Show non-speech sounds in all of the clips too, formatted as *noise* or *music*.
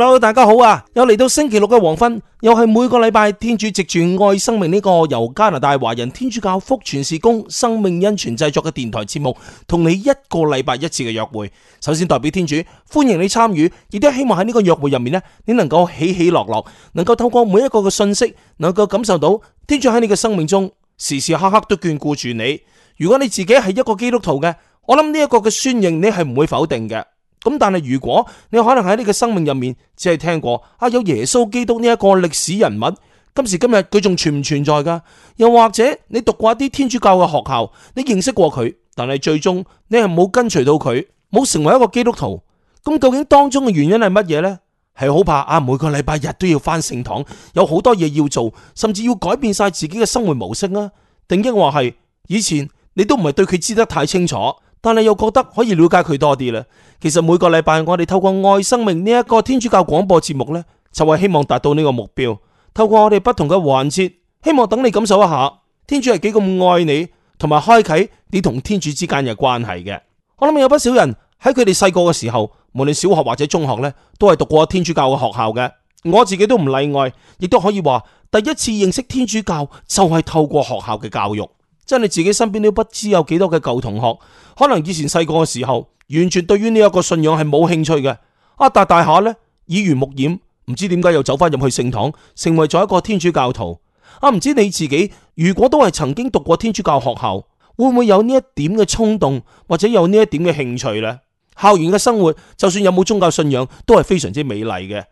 Hello，大家好啊！又嚟到星期六嘅黃昏，又係每個禮拜天主藉住愛生命呢個由加拿大華人天主教福傳事工生命恩泉製作嘅電台節目，同你一個禮拜一次嘅約會。首先代表天主歡迎你參與，亦都希望喺呢個約會入面呢，你能夠喜喜樂樂，能夠透過每一個嘅信息，能夠感受到天主喺你嘅生命中時時刻刻都眷顧住你。如果你自己係一個基督徒嘅，我諗呢一個嘅宣認你係唔會否定嘅。咁但係如果你可能喺你嘅生命入面只係聽過啊，有耶穌基督呢一個歷史人物，今時今日佢仲存唔存在噶？又或者你讀過一啲天主教嘅學校，你認識過佢，但係最終你係冇跟隨到佢，冇成為一個基督徒，咁究竟當中嘅原因係乜嘢呢？係好怕啊，每個禮拜日都要翻聖堂有好多嘢要做，甚至要改變晒自己嘅生活模式啊？定抑或係以前你都唔係對佢知得太清楚？但係又覺得可以了解佢多啲啦。其實每個禮拜我哋透過愛生命呢一個天主教廣播節目呢，就係希望達到呢個目標。透過我哋不同嘅環節，希望等你感受一下天主係幾咁愛你，同埋開啟你同天主之間嘅關係嘅。我諗有不少人喺佢哋細個嘅時候，無論小學或者中學呢，都係讀過天主教嘅學校嘅。我自己都唔例外，亦都可以話第一次認識天主教就係透過學校嘅教育。真係自己身邊都不知有幾多嘅舊同學，可能以前細個嘅時候完全對於呢一個信仰係冇興趣嘅，啊大大下呢，耳濡目染，唔知點解又走翻入去聖堂，成為咗一個天主教徒。啊唔知你自己如果都係曾經讀過天主教學校，會唔會有呢一點嘅衝動，或者有呢一點嘅興趣呢？校園嘅生活就算有冇宗教信仰，都係非常之美麗嘅。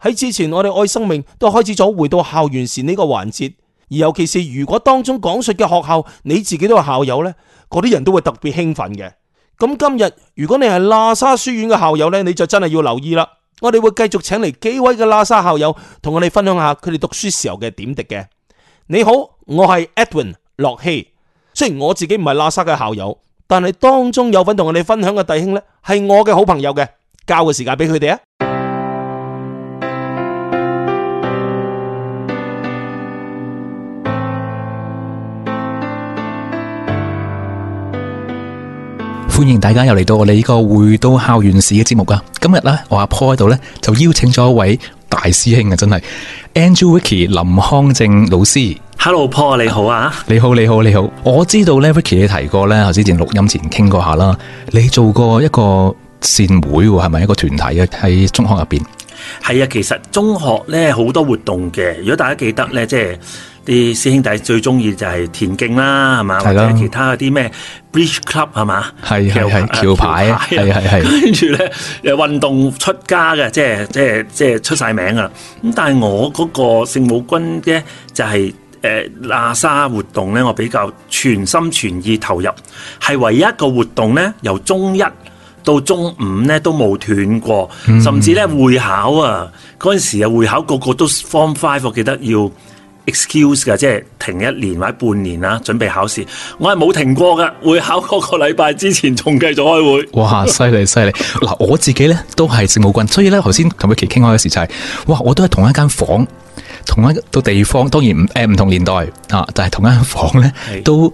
喺之前我哋愛生命都開始咗回到校園時呢個環節。而尤其是如果當中講述嘅學校你自己都係校友呢，嗰啲人都會特別興奮嘅。咁今日如果你係喇沙書院嘅校友呢，你就真係要留意啦。我哋會繼續請嚟幾位嘅喇沙校友同我哋分享下佢哋讀書時候嘅點滴嘅。你好，我係 Edwin 洛希。雖然我自己唔係喇沙嘅校友，但係當中有份同我哋分享嘅弟兄呢，係我嘅好朋友嘅，交個時間俾佢哋啊。歡迎大家又嚟到我哋呢個回到校園史嘅節目噶、啊，今日咧我阿、啊、Paul 喺度咧就邀請咗一位大師兄啊，真係 Andrew Ricky 林康正老師。Hello Paul，你好啊！你好，你好，你好！我知道呢 Ricky 你提過咧，我之前錄音前傾過一下啦，你做過一個善會係咪一個團體啊？喺中學入邊係啊，其實中學咧好多活動嘅，如果大家記得咧，即、就、係、是。啲師兄弟最中意就係田徑啦，係嘛？或者其他嗰啲咩 Bridge Club 係嘛？係橋橋牌，係係係。跟住咧，誒、啊、運動出家嘅，即係即係即係出晒名啦，咁但係我嗰個聖母軍咧，就係誒拉沙活動咧，我比較全心全意投入，係唯一一個活動咧，由中一到中五咧都冇斷過，嗯、甚至咧會考啊！嗰陣時啊，會考個個都 form five，我記得要 excuse 噶，即係停一年或者半年啦，準備考試。我係冇停過噶，會考嗰個禮拜之前仲繼續開會。哇，犀利犀利！嗱， *laughs* 我自己咧都係政務官。所以咧頭先同佢琪傾開嘅時就係，哇，我都係同一間房，同一到地方，當然唔誒唔同年代啊，但係同一間房咧、hey. 都。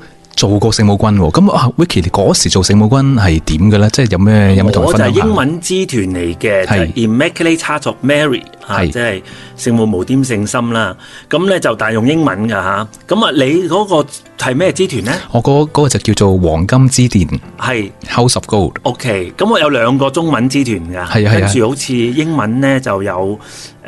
Heart of Mary，啊，即係聖母無玷聖心，咁呢就大用英文㗎，我嗰個，House of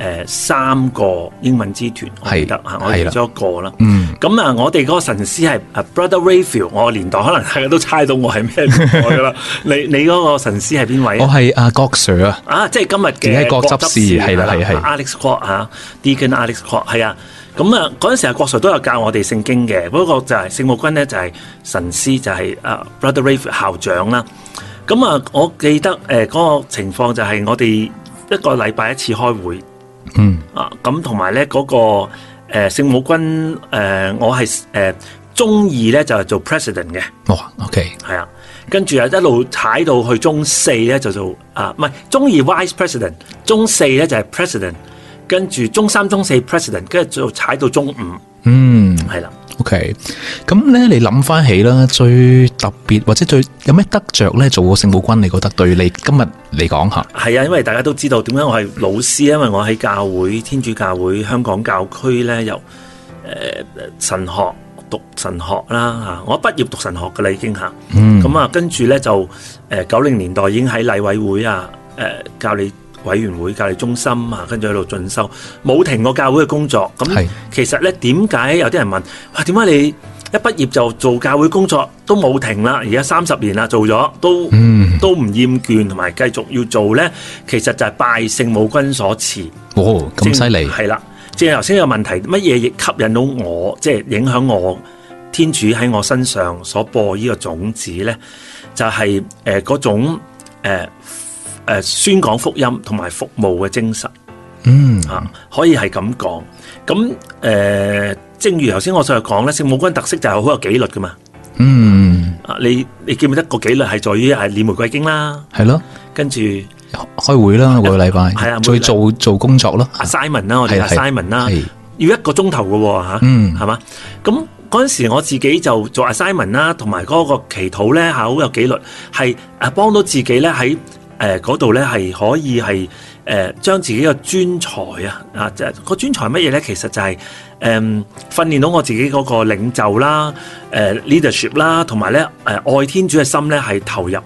誒三個英文支團，我記得嚇，我嚟咗一個啦。咁啊，我哋嗰個神師係 Brother Rayfield、嗯、我年代可能大家都猜到我係咩年代嘅啦。你你嗰個神師係邊位？我係阿、啊、郭 Sir 啊！啊，即係今日嘅郭執事，係啦係啦 Alex God 嚇 Deacon Alex God 係啊。咁啊，嗰陣時阿郭 Sir 都有教我哋聖經嘅，嗰、那個就係、是、聖母軍，呢就係神師就係、是、啊 Brother Rayfield 校長啦。咁啊，我記得誒嗰個情況就係我哋一個禮拜一次開會。嗯、mm. 啊，咁同埋咧嗰個誒聖、呃、母軍誒、呃，我係誒、呃、中二咧就係做 president 嘅。哦、oh,，OK，係啊，跟住啊一路踩到去中四咧就做啊，唔係中二 vice president，中四咧就係、是、president，跟住中三、中四 president，跟住就踩到中五。嗯、mm. 啊，係啦。O K，咁咧，你諗翻起啦，最特別或者最有咩得着咧，做個聖母軍，你覺得對你今日嚟講吓？係啊，因為大家都知道點解我係老師、嗯，因為我喺教會天主教會香港教區咧，由誒、呃、神學讀神學啦吓，我畢業讀神學噶啦已經吓，咁、嗯、啊，跟住咧就誒九零年代已經喺禮委會啊，誒、呃、教你。委員會教理中心啊，跟住喺度進修，冇停過教會嘅工作。咁其實咧，點解有啲人問？哇，點解你一畢業就做教會工作都冇停啦？而家三十年啦，做咗都嗯都唔厭倦，同埋繼續要做咧？其實就係拜聖母君所賜。哦，咁犀利。係啦，即係頭先有問題，乜嘢亦吸引到我，即係影響我，天主喺我身上所播呢個種子咧，就係誒嗰種誒。誒，宣講福音同埋服務嘅精神，嗯吓，可以係咁講。咁誒，正如頭先我所講咧，聖母軍嘅特色就係好有紀律噶嘛。嗯，啊，你你記唔記得個紀律係在於係念玫瑰經啦，係咯，跟住開會啦，每個禮拜，係啊，再做做工作咯，assignment 啦，我哋 assignment 啦，要一個鐘頭噶吓，嗯，係嘛。咁嗰陣時我自己就做 assignment 啦，同埋嗰個祈禱咧，吓好有紀律，係誒幫到自己咧喺。誒嗰度咧係可以係誒將自己嘅專才啊啊！即、呃、係、個專才乜嘢咧？其實就係誒訓練到我自己嗰個領袖啦、誒、呃、leadership 啦，同埋咧誒愛天主嘅心咧係投入。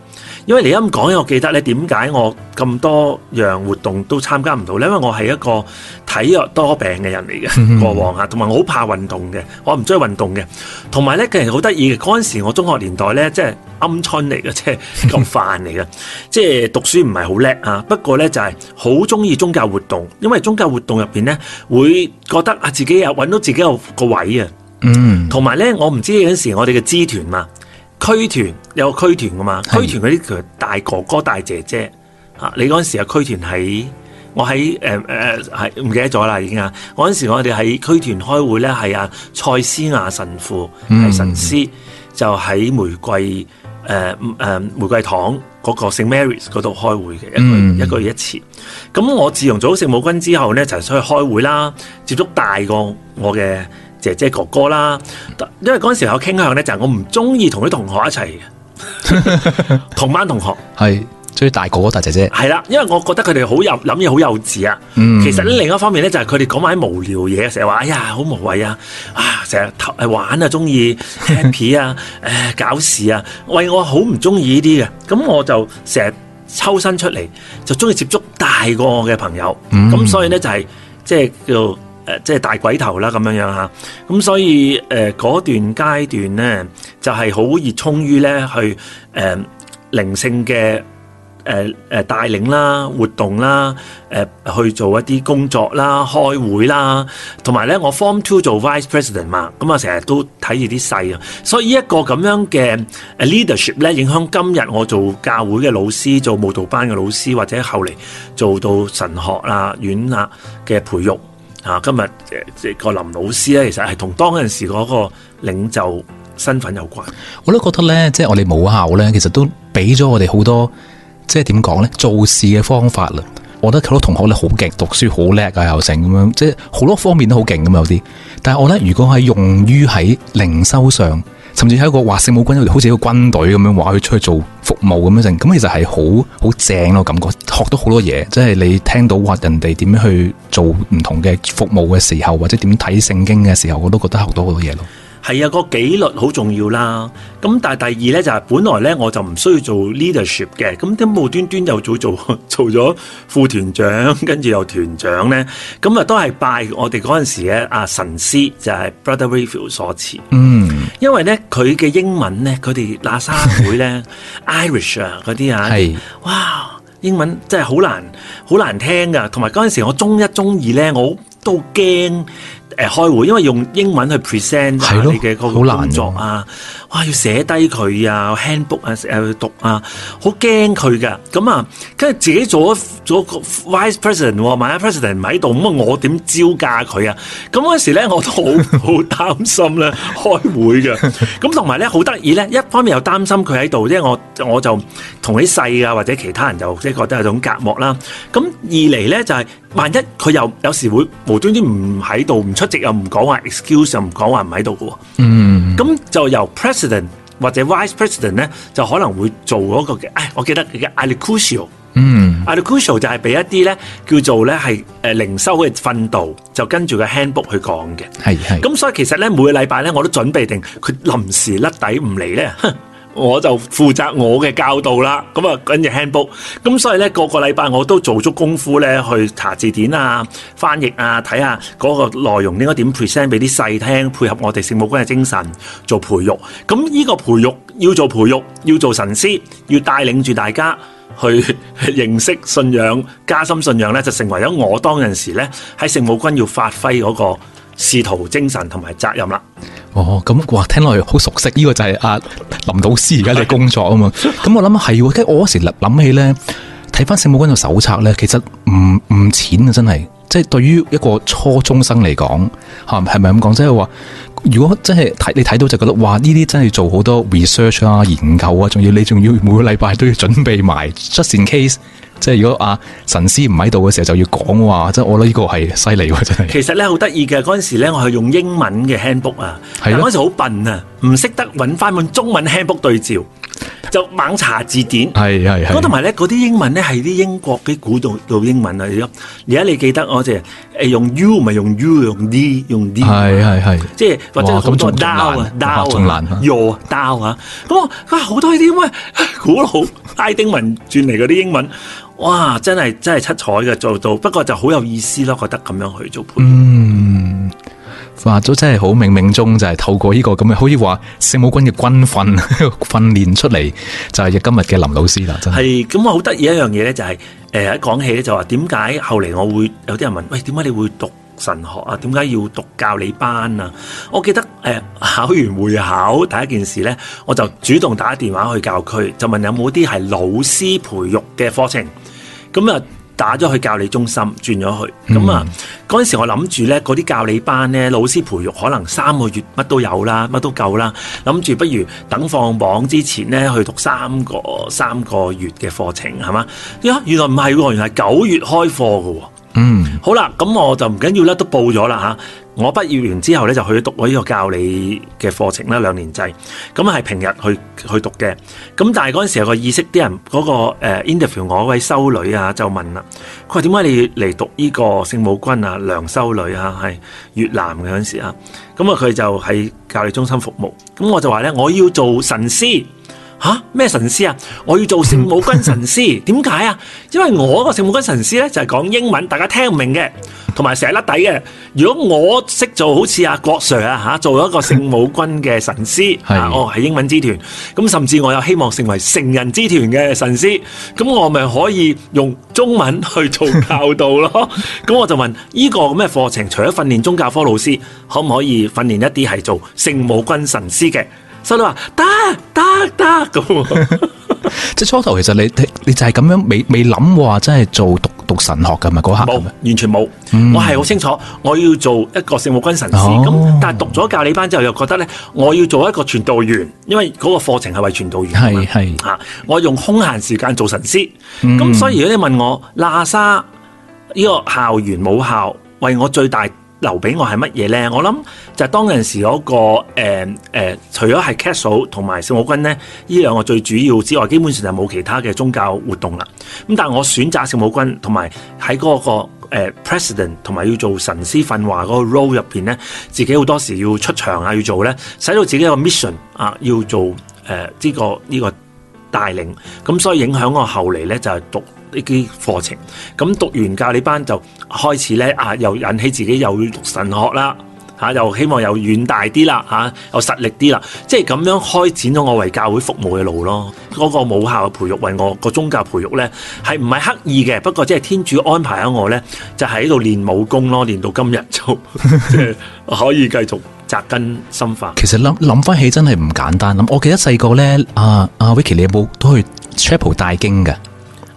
因為你啱講，我記得咧點解我咁多樣活動都參加唔到咧？因為我係一個體弱多病嘅人嚟嘅 *laughs* 過往嚇、啊，同埋我好怕運動嘅，我唔中意運動嘅。同埋咧，其實好得意嘅嗰陣時，我中學年代咧，即係鵪鶉嚟嘅，即係咁煩嚟嘅，即 *laughs* 係讀書唔係好叻嚇。不過咧就係好中意宗教活動，因為宗教活動入邊咧會覺得啊自己有揾到自己個個位啊。嗯， *laughs* 同埋咧我唔知有陣時我哋嘅支團嘛。區團有個區團噶嘛？區團嗰啲其實大哥哥大姐姐那、呃、那啊！你嗰陣時啊區團喺我喺誒誒係唔記得咗啦已經啊！嗰陣時我哋喺區團開會咧係阿賽斯亞神父係神師、嗯、就喺玫瑰誒誒、呃玫，呃、玫瑰堂嗰個聖 Marys 嗰度開會嘅，一個月、嗯、一,一次。咁我自從做聖母軍之後咧，就出去開會啦，接觸大個我嘅。姐姐哥哥啦，因為嗰陣時有傾向咧，就係我唔中意同啲同學一齊， *laughs* 同班同學係中意大哥哥大姐姐。係啦，因為我覺得佢哋好幼，諗嘢好幼稚啊。嗯嗯，其實咧，另一方面咧，就係佢哋講埋啲無聊嘢，成日話哎呀好無謂啊，啊成日玩啊，中意 *laughs* happy 啊，誒、哎、搞事啊，喂，我好唔中意呢啲嘅。咁我就成日抽身出嚟，就中意接觸大過我嘅朋友。咁、嗯嗯、所以咧就係、是、即係叫。呃、即係大鬼頭啦咁樣樣嚇，咁、嗯、所以誒嗰、呃、段階段咧就係、是、好熱衷於咧去誒、呃、靈性嘅誒誒帶領啦、活動啦、呃、去做一啲工作啦、開會啦，同埋咧我 form two 做 vice president 嘛，咁啊成日都睇住啲細啊，所以呢一個咁樣嘅 leadership 咧，影響今日我做教會嘅老師、做舞蹈班嘅老師，或者後嚟做到神學啦院啊嘅培育。啊！今日即係個林老師咧，其實係同當陣時嗰個領袖身份有關。我都覺得咧，即係我哋母校咧，其實都俾咗我哋好多，即係點講咧？做事嘅方法啦。我覺得好多同學咧好勁，讀書好叻啊，又成咁樣，即係好多方面都好勁咁有啲。但係我呢，如果係用於喺靈修上。甚至喺一個話聖母軍好似一個軍隊咁樣話佢出去做服務咁樣，咁其實係好好正咯，感覺學到好多嘢。即係你聽到話人哋點樣去做唔同嘅服務嘅時候，或者點睇聖經嘅時候，我都覺得學到好多嘢咯。係啊，個紀律好重要啦。咁但係第二呢，就係、是、本來呢，我就唔需要做 leadership 嘅，咁點無端端又做做做咗副團長，跟住又團長呢？咁啊都係拜我哋嗰陣時阿、啊、神師就係、是、Brother Rayfield 所賜，嗯。因為咧佢嘅英文咧，佢哋喇沙會咧，Irish 啊嗰啲啊，哇英文真係好難好難聽噶，同埋嗰陣時我中一中二咧，我都驚誒開會，因為用英文去 present、啊、你嘅嗰個工作啊。哇！要寫低佢啊，handbook 啊，成日去讀啊，好驚佢噶。咁啊，跟住自己做咗做個 vice president，萬一 president 唔喺度，咁我點招架佢啊？咁嗰陣時咧，我都好好擔心咧開會嘅。咁同埋咧，好得意咧，一方面又擔心佢喺度，即係我我就同佢細啊或者其他人就即係覺得有種隔膜啦。咁二嚟咧就係，萬一佢又有時會無端端唔喺度，唔出席又唔講話 excuse，又唔講話唔喺度嘅喎。嗯。咁就由 president 或者 vice president 咧，就可能會做嗰、那個嘅、哎。我記得佢嘅 Alucio，c 嗯，Alucio c 就係俾一啲咧叫做咧係、呃、零靈修嘅訓導，就跟住個 handbook 去講嘅。係係。咁所以其實咧每個禮拜咧我都準備定，佢臨時甩底唔嚟咧，哼。我就負責我嘅教導啦，咁啊跟住 handbook，咁所以呢，個個禮拜我都做足功夫呢去查字典啊、翻譯啊、睇下嗰個內容應該點 present 俾啲細聽，配合我哋聖母軍嘅精神做培育。咁呢個培育要做培育，要做神師，要帶領住大家去認識信仰、加深信仰呢，就成為咗我當陣時呢喺聖母軍要發揮嗰個使徒精神同埋責任啦。哦，咁哇，聽落去好熟悉，呢、這個就係阿、啊、 *laughs* 林導師而家嘅工作啊嘛。咁 *laughs* 這樣 *laughs* 我諗啊係，即係我嗰時諗起咧，睇翻聖母軍嘅手冊咧，其實唔唔淺啊，真係。即、就、係、是、對於一個初中生嚟講，吓係咪咁講？即係話，如果真係睇你睇到就覺得，哇！呢啲真係做好多 research 啊、研究啊，仲要你仲要每個禮拜都要準備埋出線 case。即係如果阿神師唔喺度嘅時候就要講話，即係我覺得呢個係犀利真係。其實咧好得意嘅，嗰陣時咧我係用英文嘅 handbook 啊，嗱，嗰時好笨啊，唔識得搵翻本中文 handbook 對照，就猛查字典。係係。咁同埋咧嗰啲英文咧係啲英國嘅古董老英文啊，而家而家你記得我即係誒用 u 咪用 u 用 d 用 d，係係係，即係或者好多刀啊刀啊，your 刀啊，咁啊哇，好多啲咩古老拉丁文轉嚟嗰啲英文。哇！真係真係七彩嘅做到，不過就好有意思咯。覺得咁樣去做培育。嗯，話咗真係好冥冥中就係透過呢個咁嘅，可以話聖母軍嘅軍訓訓練出嚟，就係今日嘅林老師啦。係咁，我好得意一樣嘢咧，呃、講就係誒講起咧，就話點解後嚟我會有啲人問喂，點解你會讀神學啊？點解要讀教理班啊？我記得誒、呃，考完會考第一件事咧，我就主動打電話去教區，就問有冇啲係老師培育嘅課程。咁啊，打咗去教理中心，轉咗去。咁啊，嗰、嗯、陣時我諗住呢嗰啲教理班呢，老師培育可能三個月乜都有啦，乜都夠啦。諗住不如等放榜之前呢，去讀三個三個月嘅課程，係嘛？呀，原來唔係喎，原來九月開課嘅喎。嗯，好啦，咁我就唔緊要啦，都報咗啦吓。我畢業完之後咧，就去讀我呢個教理嘅課程啦，兩年制。咁、啊、係平日去去讀嘅。咁、啊、但係嗰陣時有個意識，啲人嗰個誒、呃、，Interview 我位修女啊，就問啦，佢話點解你嚟讀呢個聖母軍啊？梁修女啊，係越南嘅嗰陣時啊，咁啊，佢、啊、就喺教理中心服務。咁、啊、我就話咧，我要做神師。嚇咩神師啊！我要做聖母軍神師，點解啊？因為我個聖母軍神師咧就係講英文，大家聽唔明嘅，同埋成日甩底嘅。如果我識做好似阿郭 Sir 啊吓，做一個聖母軍嘅神師，哦係英文支團，咁甚至我有希望成為成人支團嘅神師，咁我咪可以用中文去做教導咯。咁我就問呢個咁嘅課程，除咗訓練宗教科老師，可唔可以訓練一啲係做聖母軍神師嘅？修女話得。得得咁， *laughs* 即係初頭其實你你,你就係咁樣未未諗過話，真係做讀讀神學噶嘛？嗰刻冇，完全冇、嗯。我係好清楚，我要做一個聖母軍神師。咁、哦、但係讀咗教理班之後，又覺得呢，我要做一個傳道員，因為嗰個課程係為傳道員。係係吓，我用空閒時間做神師。咁、嗯、所以如果你問我喇沙呢個校園母校為我最大。留俾我係乜嘢呢？我諗就係當嗰陣時嗰、嗰個、呃呃、除咗係 castle 同埋聖母軍呢，呢兩個最主要之外，基本上就冇其他嘅宗教活動啦。咁但係我選擇聖母軍同埋喺嗰個、呃、president 同埋要做神師訓話嗰個 role 入邊呢，自己好多時要出場啊，要做呢，使到自己有個 mission 啊，要做誒呢、呃呢個呢、呢個帶領，咁所以影響我後嚟呢，就係、是、讀。呢啲課程，咁讀完教理班就開始咧啊！又引起自己又讀神學啦、啊啊，又希望又遠大啲啦，嚇、啊啊、又實力啲啦、啊，即係咁樣開展咗我為教會服務嘅路咯。嗰、那個母校嘅培育，為我、那個宗教培育咧，係唔係刻意嘅？不過即係天主安排咗我咧，就喺、是、度練武功咯，練到今日就 *laughs* *laughs* 可以繼續扎根深化。其實諗返翻起真係唔簡單。咁我記得細個咧，阿阿 Vicky，你有冇都去 Chapel 大經嘅？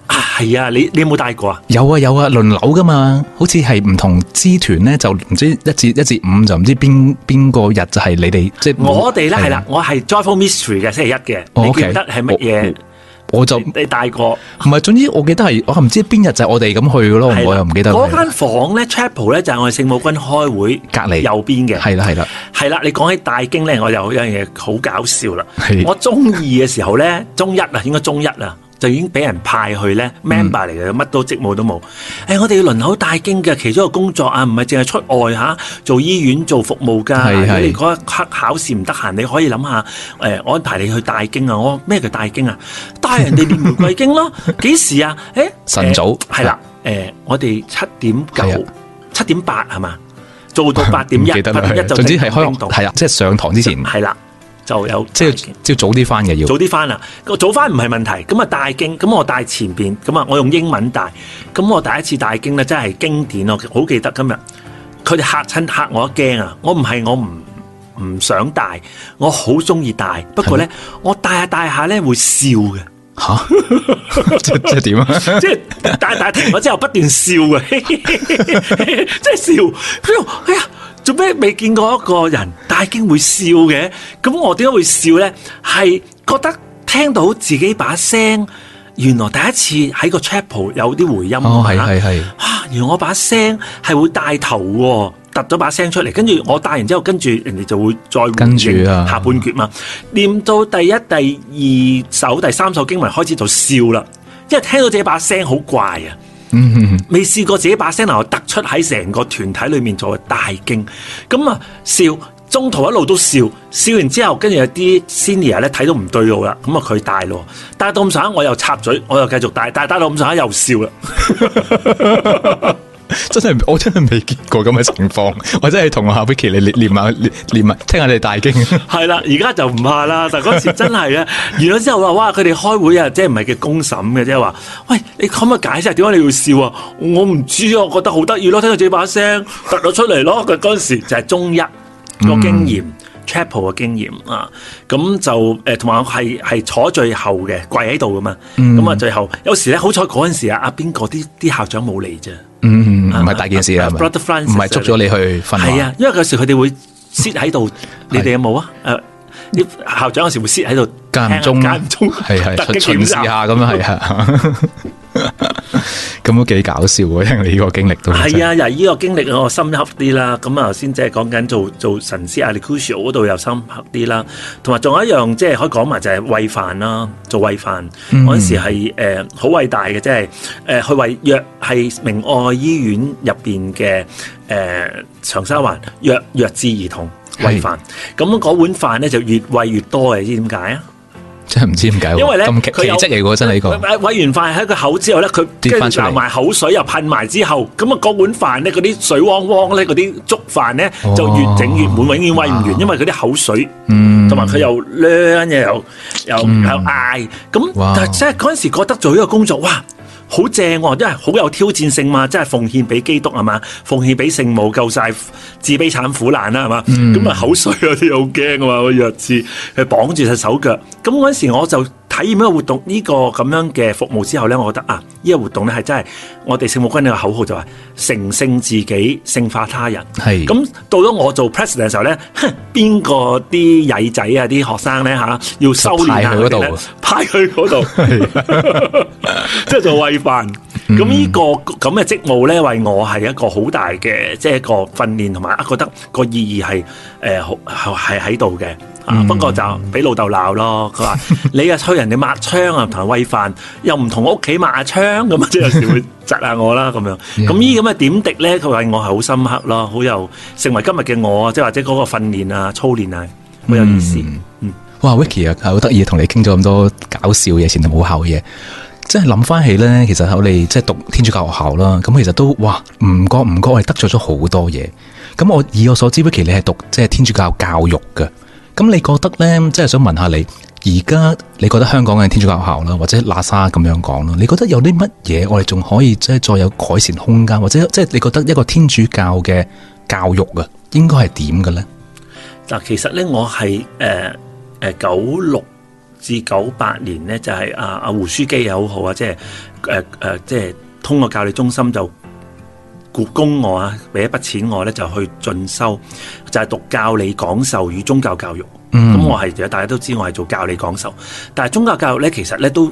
係啊，啊，你你有冇帶有過有啊？有啊有啊，輪流噶嘛，好似係唔同支團咧，就唔知一至一至五就唔知邊邊個日就係你哋即係。我哋咧係啦，我係 Joyful Mystery 嘅星期一嘅，oh, okay. 你記得係乜嘢？我就你帶過，唔係總之我記得係我唔知邊日就係我哋咁去噶咯、啊，我又唔記得那間。嗰間房咧，Chapel 咧就係、是、我聖母軍開會隔籬右邊嘅，係啦係啦，係啦、啊啊啊。你講起大經咧，我又有一樣嘢好搞笑啦、啊。我中二嘅時候咧，中一啊，應該中一啊。就已經俾人派去咧、嗯、，member 嚟嘅，乜都職務都冇、哎。我哋要輪口大經嘅，其中一個工作啊，唔係淨係出外呀、啊，做醫院做服務㗎。你嗰一刻考試唔得閒，你可以諗下誒安排你去大經啊。我咩叫大經啊？帶人哋唸玫瑰經咯。幾 *laughs* 時啊？誒、哎、晨早係啦、欸啊啊欸。我哋七點九、七點八係嘛？做到八點一，八點一就係。總之係可以。係啊，即、就、係、是、上堂之前。係啦。就有即係即係，早啲翻嘅要早啲翻啦，早翻唔係問題，咁啊大經，咁我大前邊，咁啊我用英文大，咁我第一次大經咧真係經典，我好記得今日，佢哋嚇親嚇我一驚啊，我唔係我唔唔想大，我好中意大，不過咧我大下大下咧會笑嘅，吓，即係點啊？ *laughs* *laughs* *laughs* 即係大大停咗之後不斷笑嘅， *laughs* 即係笑，哎呀！做咩未見過一個人帶經會笑嘅？咁我點解會笑呢？係覺得聽到自己把聲，原來第一次喺個 chapel 有啲回音啊！係、哦、係原來我把聲係會帶頭喎，揼咗把聲出嚟，跟住我帶完之後，跟住人哋就會再跟住下半決嘛、啊嗯。念到第一、第二首、第三首經文開始就笑啦，因為聽到自己把聲好怪啊！嗯哼哼，未試過自己把聲能夠突出喺成個團體裏面做大驚，咁啊，笑，中途一路都笑，笑完之後，跟住有啲 senior 咧睇到唔對路啦，咁啊佢大咯，但係到咁上下我又插嘴，我又繼續大，但大到咁上下又笑啦。 *laughs* *laughs* *laughs* 真係我真係未見過咁嘅情況， *laughs* 或者係同阿 Vicky 你念下，念下聽下你哋大驚。係 *laughs* 啦，而家就唔怕啦，但嗰時真係呀，完 *laughs* 咗之後話哇，佢哋開會啊，即係唔係叫公審嘅，即係話，喂，你可唔可以解釋，點解你要笑啊？我唔知啊，我覺得好得意咯，聽到自己把聲突咗出嚟咯，佢嗰時就係中一個經驗。嗯 chapel 嘅經驗啊，咁就誒同埋我係係坐最後嘅，跪喺度㗎嘛，咁啊最後有時咧好彩嗰陣時啊，阿邊個啲啲校長冇嚟啫，嗯，唔係大件事啊，Brother Francis，唔係捉咗你去分，係啊，因為有時佢哋會 sit 喺度， *laughs* 你哋有冇啊？啲校長有時會先喺度間唔中，間唔中係係巡巡視下咁樣係啊，咁都幾搞笑嘅。聽你呢個經歷都係啊，又係呢個經歷我深刻啲啦。咁啊頭先即係講緊做做，做神師阿列庫士嗰度又深刻啲啦，同埋仲有一樣即係、就是、可以講埋就係餵飯啦，做餵飯陣時係誒好偉大嘅，即係誒去餵弱係明愛醫院入邊嘅誒長沙環弱弱智兒童。餵飯，咁樣嗰碗飯咧就越餵越多嘅，知點解啊？真係唔知點解，因為咧佢有奇蹟嚟嘅，真係呢個。餵完飯喺個口之後咧，佢跟住流埋口水又噴埋之後，咁啊嗰碗飯咧嗰啲水汪汪咧嗰啲粥飯咧就越整越滿，永遠餵唔完，因為佢啲口水，嗯，同埋佢又攣嘢又又又嗌，咁但係即係嗰陣時覺得做呢個工作哇！好正喎、啊，因為好有挑戰性嘛、啊，即係奉獻畀基督啊嘛，奉獻畀聖母救晒，自卑慘苦難啦、啊，係嘛？咁、mm-hmm. 啊口水啊，啲好驚啊嘛，個弱智，係綁住隻手腳，咁嗰陣時我就。體驗一個、這個、這呢、啊這個活動呢個咁樣嘅服務之後咧，我覺得啊，呢個活動咧係真係我哋聖母軍呢嘅口號就話、是、成聖自己、聖化他人。係咁到咗我做 president 嘅時候咧，邊個啲曳仔啊、啲學生咧吓，要收聯下佢度，派去嗰度，即係 *laughs* *laughs* 做餵飯。咁、嗯、呢、這個咁嘅職務咧，為我係一個好大嘅，即、就、係、是、一個訓練同埋覺得個意義係誒好係喺度嘅。呃 *noise* 啊、不過就俾老豆鬧咯。佢話： *laughs* 你啊，催人哋抹槍啊，同埋餵飯，又唔同屋企抹槍咁啊，即係有時會窒下我啦咁樣。咁呢啲咁嘅點滴咧，佢話我係好深刻咯，好有成為今日嘅我，即係或者嗰個訓練啊、操練啊，好有意思。 *noise* 嗯、哇，Vicky 啊，好得意，同你傾咗咁多搞笑嘢、前同冇厚嘅嘢。即係諗翻起咧，其實我哋即係讀天主教學校啦，咁其實都哇唔覺唔覺，我係得咗咗好多嘢。咁我以我所知，Vicky 你係讀即係天主教教育嘅。咁你覺得呢？即係想問下你，而家你覺得香港嘅天主教學校啦，或者喇沙咁樣講咯？你覺得有啲乜嘢我哋仲可以即係再有改善空間，或者即係你覺得一個天主教嘅教育啊，應該係點嘅呢？嗱，其實呢，我係誒誒九六至九八年呢，就係阿阿胡書記有好好啊，即係誒誒，即、呃、係、呃就是、通過教理中心就。供我啊，俾一筆錢我咧就去進修，就係、是，讀教理講授與宗教教育。咁、mm. 嗯、我係大家都知我係做教理講授，但係宗教教育咧其實咧都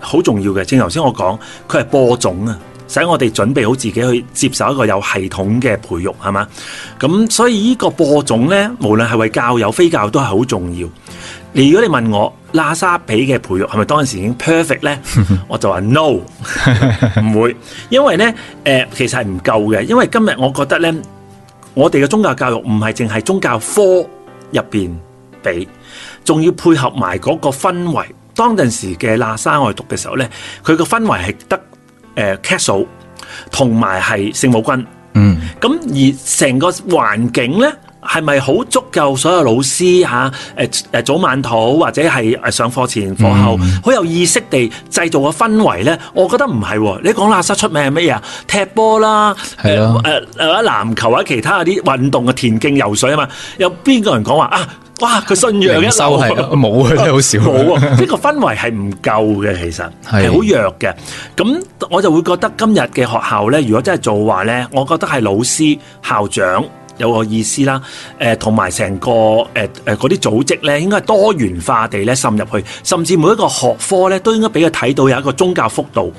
好重要嘅。正如頭先我講，佢係播種啊，使我哋準備好自己去接受一個有系統嘅培育，係嘛。咁所以呢個播種咧，無論係為教友非教友都係好重要。你如果你問我喇沙比嘅培育係咪當陣時已經 perfect？呢，我就話 no，唔會，因為呢，誒其實係唔夠嘅。因為今日我覺得呢，我哋嘅宗教教育唔係淨係宗教科入邊比，仲要配合埋嗰個氛圍。當陣時嘅喇沙我讀嘅時候呢，佢個氛圍係得誒 castle 同埋係聖母軍，嗯，咁而成個環境呢。係咪好足夠所有老師嚇？誒、啊、誒、啊啊、早晚堂，或者係誒上課前課後好、嗯、有意識地製造個氛圍咧？我覺得唔係、啊。你講垃圾出名係乜嘢啊？踢波啦，誒誒誒，籃球啊，其他嗰啲運動嘅、啊、田徑、游水啊嘛，有邊個人講話啊？哇！佢信仰一嚟，冇佢，真好少。冇啊！呢、 *laughs* 啊啊、個氛圍係唔夠嘅，其實係好弱嘅。咁我就會覺得今日嘅學校咧，如果真係做話咧，我覺得係老師、校長。有個意思啦，誒同埋成個誒誒嗰啲組織咧，應該係多元化地咧滲入去，甚至每一個學科咧，都應該俾佢睇到有一個宗教幅度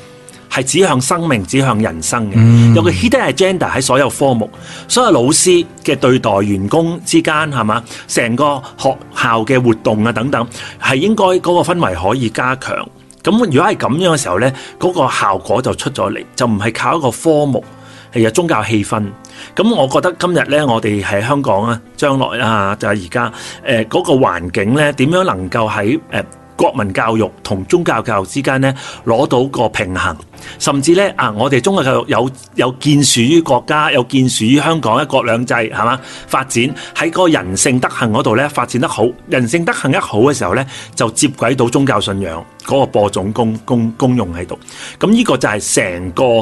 係指向生命、指向人生嘅、嗯。有個 hidden agenda 喺所有科目、所有老師嘅對待員工之間，係嘛？成個學校嘅活動啊等等，係應該嗰個氛圍可以加強。咁如果係咁樣嘅時候咧，嗰、嗰個效果就出咗嚟，就唔係靠一個科目，係有宗教氣氛。咁我覺得今日咧，我哋喺香港啊，將來啊，就係而家，誒、呃、嗰、嗰個環境咧，點樣能夠喺誒、呃國民教育同宗教教育之間咧，攞到個平衡，甚至咧啊，我哋宗教教育有有建樹於國家，有建樹於香港一國兩制，係嘛，發展喺嗰人性德行嗰度咧發展得好，人性德行一好嘅時候咧，就接軌到宗教信仰嗰、嗰個播種功功功用喺度，咁呢個就係成個誒，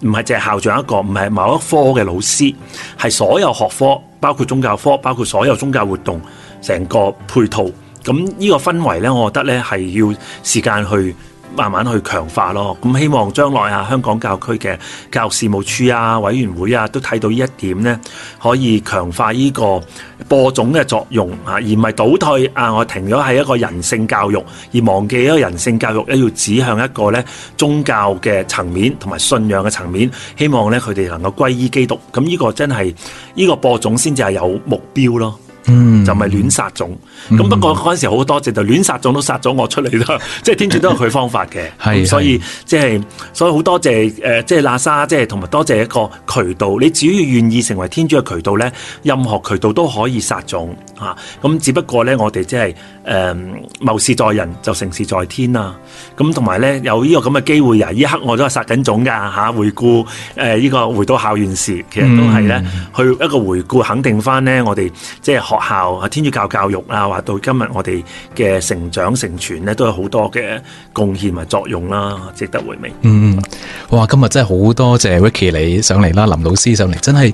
唔係淨係校長一個，唔係某一科嘅老師，係所有學科包括宗教科，包括所有宗教活動成個配套。咁呢個氛圍呢，我覺得呢係要時間去慢慢去強化咯。咁希望將來啊，香港教區嘅教育事務處啊、委員會啊，都睇到呢一點呢，可以強化呢個播種嘅作用啊，而唔係倒退啊，我停咗係一個人性教育，而忘記咗人性教育咧要指向一個呢宗教嘅層面同埋信仰嘅層面。希望呢，佢哋能夠歸依基督。咁呢個真係呢，呢個播種先至係有目標咯。嗯，就唔係亂殺種，咁不過嗰陣時好多，嗯 *laughs* *laughs* 就是、多謝，呃、就亂殺種都殺咗我出嚟啦。即係天主都係佢方法嘅，係所以即係，所以好多謝誒，即係喇沙，即係同埋多謝一個渠道。你只要願意成為天主嘅渠道咧，任何渠道都可以殺種。嚇、啊，咁只不過咧，我哋即係誒謀事在人，就成事在天啊！咁同埋咧，有呢個咁嘅機會啊，呢刻我都係殺緊種㗎嚇、啊。回顧誒呢、呃這個回到校園時，其實都係咧、嗯、去一個回顧，肯定翻咧我哋即係學校啊天主教教育啊，話到今日我哋嘅成長成全咧，都有好多嘅貢獻同作用啦、啊，值得回味。嗯，哇！今日真係好多謝 Ricky 你上嚟啦、啊，林老師上嚟真係。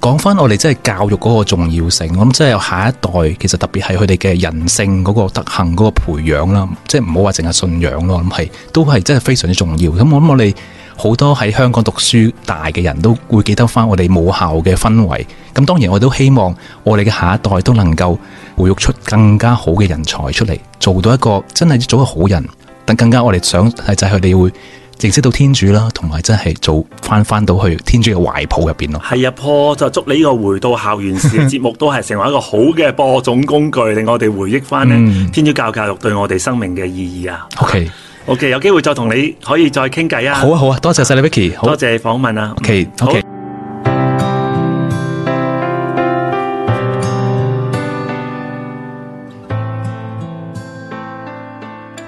講翻我哋真係教育嗰個重要性，咁即係下一代，其實特別係佢哋嘅人性嗰個德行嗰個培養啦，即係唔好話淨係信仰咯，咁係都係真係非常之重要。咁我諗我哋好多喺香港讀書大嘅人都會記得翻我哋母校嘅氛圍。咁當然，我都希望我哋嘅下一代都能夠培育出更加好嘅人才出嚟，做到一個真係做一個好人。但更加我哋想係就係佢哋會。認識到天主啦，同埋真係做翻翻到去天主嘅懷抱入邊咯。係啊，破就祝你呢個回到校園時嘅節目 *laughs* 都係成為一個好嘅播種工具，令我哋回憶翻呢天主教教育對我哋生命嘅意義啊。OK，OK、okay. okay, 有機會再同你可以再傾偈啊。好啊，好啊，多謝晒你，Vicky，多謝訪問啊。OK，OK、okay, okay。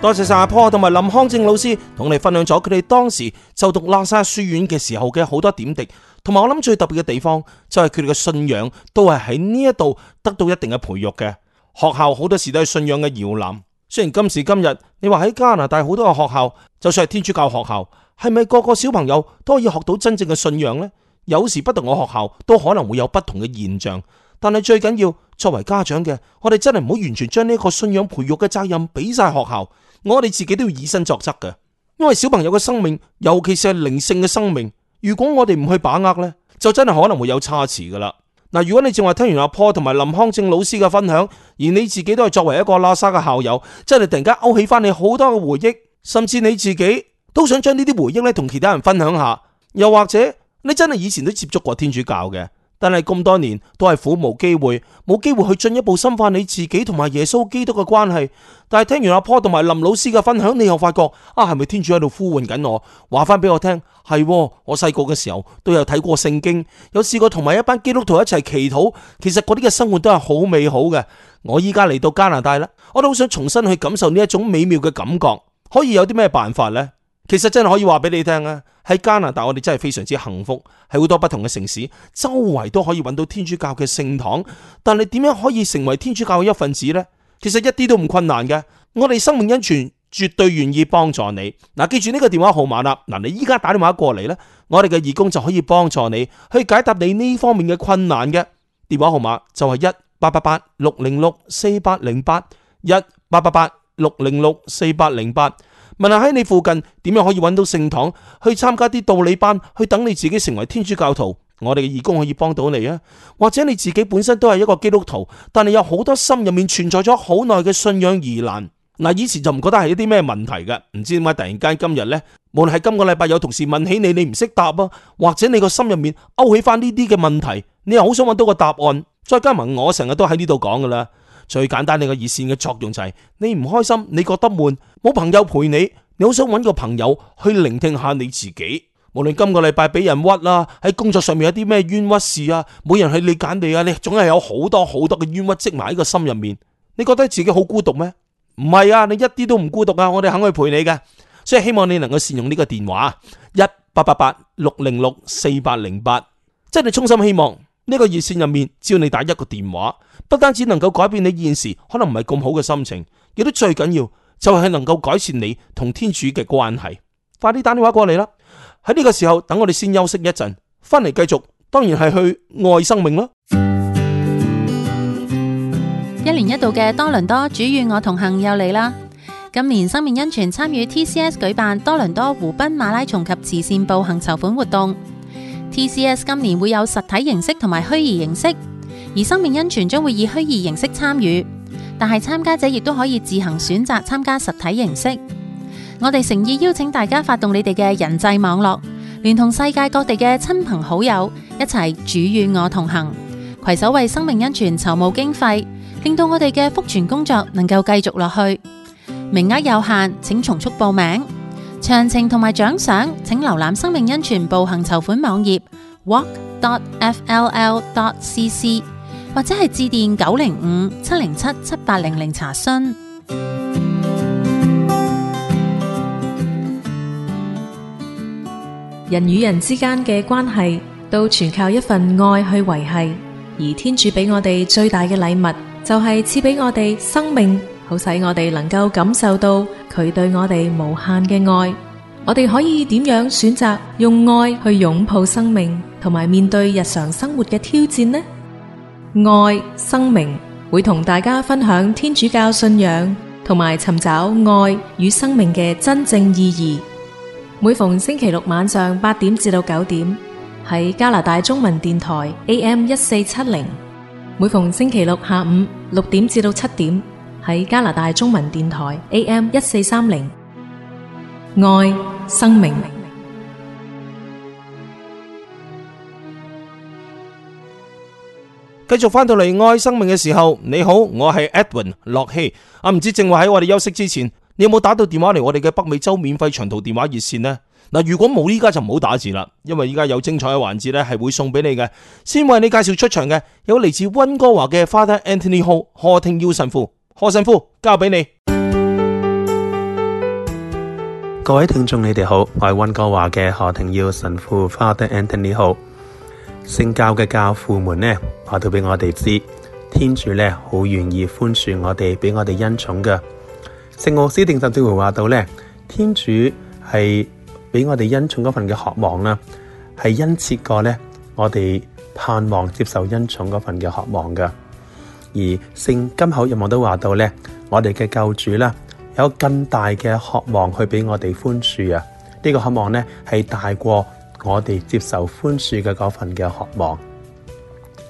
多謝晒阿婆同埋林康正老師同我哋分享咗佢哋當時就讀喇沙書院嘅時候嘅好多點滴，同埋我諗最特別嘅地方就係佢哋嘅信仰都係喺呢一度得到一定嘅培育嘅。學校好多時都係信仰嘅搖籃。雖然今時今日你話喺加拿大好多學校，就算係天主教學校，係咪個個小朋友都可以學到真正嘅信仰呢？有時不同嘅學校都可能會有不同嘅現象。但係最緊要作為家長嘅，我哋真係唔好完全將呢個信仰培育嘅責任俾晒學校。我哋自己都要以身作則嘅，因為小朋友嘅生命，尤其是係靈性嘅生命，如果我哋唔去把握呢，就真係可能會有差池噶啦。嗱，如果你淨係聽完阿坡同埋林康正老師嘅分享，而你自己都係作為一個拉沙嘅校友，真係突然間勾起翻你好多嘅回憶，甚至你自己都想將呢啲回憶咧同其他人分享下，又或者你真係以前都接觸過天主教嘅。但係咁多年都係苦無機會，冇機會去進一步深化你自己同埋耶穌基督嘅關係。但係聽完阿 Paul 同埋林老師嘅分享，你又發覺啊，係咪天主喺度呼喚緊我？話翻俾我聽，係我細個嘅時候都有睇過聖經，有試過同埋一班基督徒一齊祈禱，其實嗰啲嘅生活都係好美好嘅。我依家嚟到加拿大啦，我都好想重新去感受呢一種美妙嘅感覺。可以有啲咩辦法呢？其實真係可以話俾你聽啊，喺加拿大我哋真係非常之幸福，喺好多不同嘅城市，周圍都可以揾到天主教嘅聖堂。但你點樣可以成為天主教嘅一份子呢？其實一啲都唔困難嘅。我哋生命恩泉絕對願意幫助你。嗱，記住呢個電話號碼啦。嗱，你依家打電話過嚟呢，我哋嘅義工就可以幫助你去解答你呢方面嘅困難嘅。電話號碼就係一八八八六零六四八零八一八八八六零六四八零八。問下喺你附近點樣可以揾到聖堂去參加啲道理班，去等你自己成為天主教徒。我哋嘅義工可以幫到你啊，或者你自己本身都係一個基督徒，但係有好多心入面存在咗好耐嘅信仰疑難。嗱，以前就唔覺得係一啲咩問題嘅，唔知點解突然間今日呢，無論係今個禮拜有同事問起你，你唔識答啊，或者你個心入面勾起翻呢啲嘅問題，你又好想揾到個答案。再加埋我成日都喺呢度講噶啦。最簡單呢個熱線嘅作用就係你唔開心，你覺得悶，冇朋友陪你，你好想揾個朋友去聆聽下你自己。無論今個禮拜俾人屈啦，喺工作上面有啲咩冤屈事啊，冇人去理解你啊，你總係有好多好多嘅冤屈積埋喺個心入面。你覺得自己好孤獨咩？唔係啊，你一啲都唔孤獨啊！我哋肯去陪你嘅，所以希望你能夠善用呢個電話一八八八六零六四八零八，真係衷心希望。呢個熱線入面，只要你打一個電話，不單止能夠改變你現時可能唔係咁好嘅心情，亦都最緊要就係能夠改善你同天主嘅關係。快啲打電話過嚟啦！喺呢個時候等我哋先休息一陣，翻嚟繼續，當然係去愛生命啦。一年一度嘅多倫多主與我同行又嚟啦！今年生命恩泉參與 TCS 舉辦多倫多湖濱馬拉松及慈善步行籌款活動。TCS 今年會有實體形式同埋虛擬形式，而生命恩泉將會以虛擬形式參與，但係參加者亦都可以自行選擇參加實體形式。我哋誠意邀請大家發動你哋嘅人際網絡，聯同世界各地嘅親朋好友一齊主與我同行，攜手為生命恩泉籌募經費，令到我哋嘅福傳工作能夠繼續落去。名額有限，請從速報名。詳情同埋獎賞，請瀏覽生命恩泉步行籌款網頁 walk.dot.fll.dot.cc，或者係致電九零五七零七七八零零查詢。人與人之間嘅關係，都全靠一份愛去維繫，而天主俾我哋最大嘅禮物，就係賜俾我哋生命。好使我哋能夠感受到佢對我哋無限嘅愛，我哋可以點樣選擇用愛去擁抱生命，同埋面對日常生活嘅挑戰呢？愛、生命會同大家分享天主教信仰，同埋尋找愛與生命嘅真正意義。每逢星期六晚上八點至到九點，喺加拿大中文電台 A.M. 一四七零，每逢星期六下午六點至到七點。喺加拿大中文電台 A.M. 一四三零，愛生命。繼續返到嚟，愛生命嘅時候，你好，我係 Edwin 洛希。啊，唔知正話喺我哋休息之前，你有冇打到電話嚟我哋嘅北美洲免費長途電話熱線呢？嗱，如果冇，依家就唔好打字啦，因為依家有精彩嘅環節呢係會送俾你嘅。先為你介紹出場嘅有嚟自溫哥華嘅 Father Anthony Ho Ho Ting U 神父。何神父交俾你，各位聽眾，你哋好，我係溫哥華嘅何庭耀神父 *music* Father Anthony 好。聖教嘅教父們呢，話到俾我哋知，天主呢，好願意寬恕我哋，俾我哋恩寵嘅。聖奧斯定聖教會話到呢，天主係俾我哋恩寵嗰份嘅渴望啦，係殷切過呢，我哋盼望接受恩寵嗰份嘅渴望嘅。而聖金口若望都話到咧，我哋嘅救主啦，有更大嘅渴望去俾我哋寬恕啊！呢、這個渴望咧係大過我哋接受寬恕嘅嗰份嘅渴望。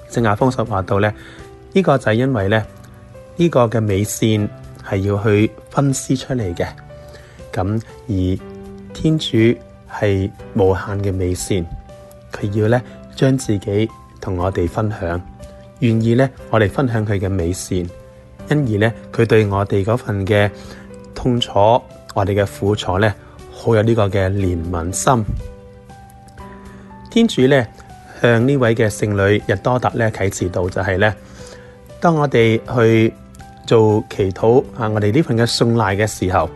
聖亞豐索話到咧，呢、這個就係因為咧，呢、這個嘅美善係要去分施出嚟嘅，咁而天主係無限嘅美善，佢要咧將自己同我哋分享。願意呢，我哋分享佢嘅美善，因而呢，佢對我哋嗰份嘅痛楚，我哋嘅苦楚呢，好有呢個嘅憐憫心。天主呢，向呢位嘅聖女日多達呢啟示道，就係呢，當我哋去做祈禱啊，我哋呢份嘅信賴嘅時候，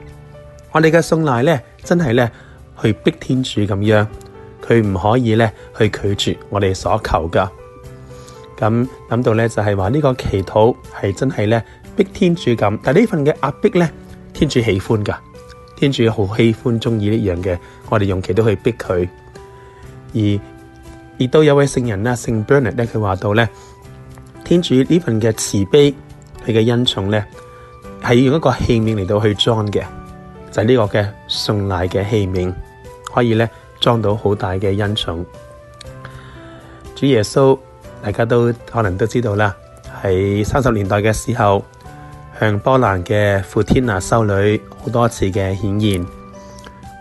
我哋嘅信賴呢，真係呢，去逼天主咁樣，佢唔可以呢，去拒絕我哋所求㗎。咁諗到咧，就係話呢個祈禱係真係咧逼天主咁，但係呢份嘅壓迫咧，天主喜歡噶，天主好喜歡中意呢樣嘅，我哋用祈禱去逼佢。而亦都有位聖人啦，聖 Bernard 咧，佢話到咧，天主呢份嘅慈悲佢嘅恩寵咧，係要用一個器皿嚟到去裝嘅，就係、是、呢個嘅送奶嘅器皿，可以咧裝到好大嘅恩寵。主耶穌。大家都可能都知道啦，喺三十年代嘅時候，向波蘭嘅傅天娜修女好多次嘅顯現，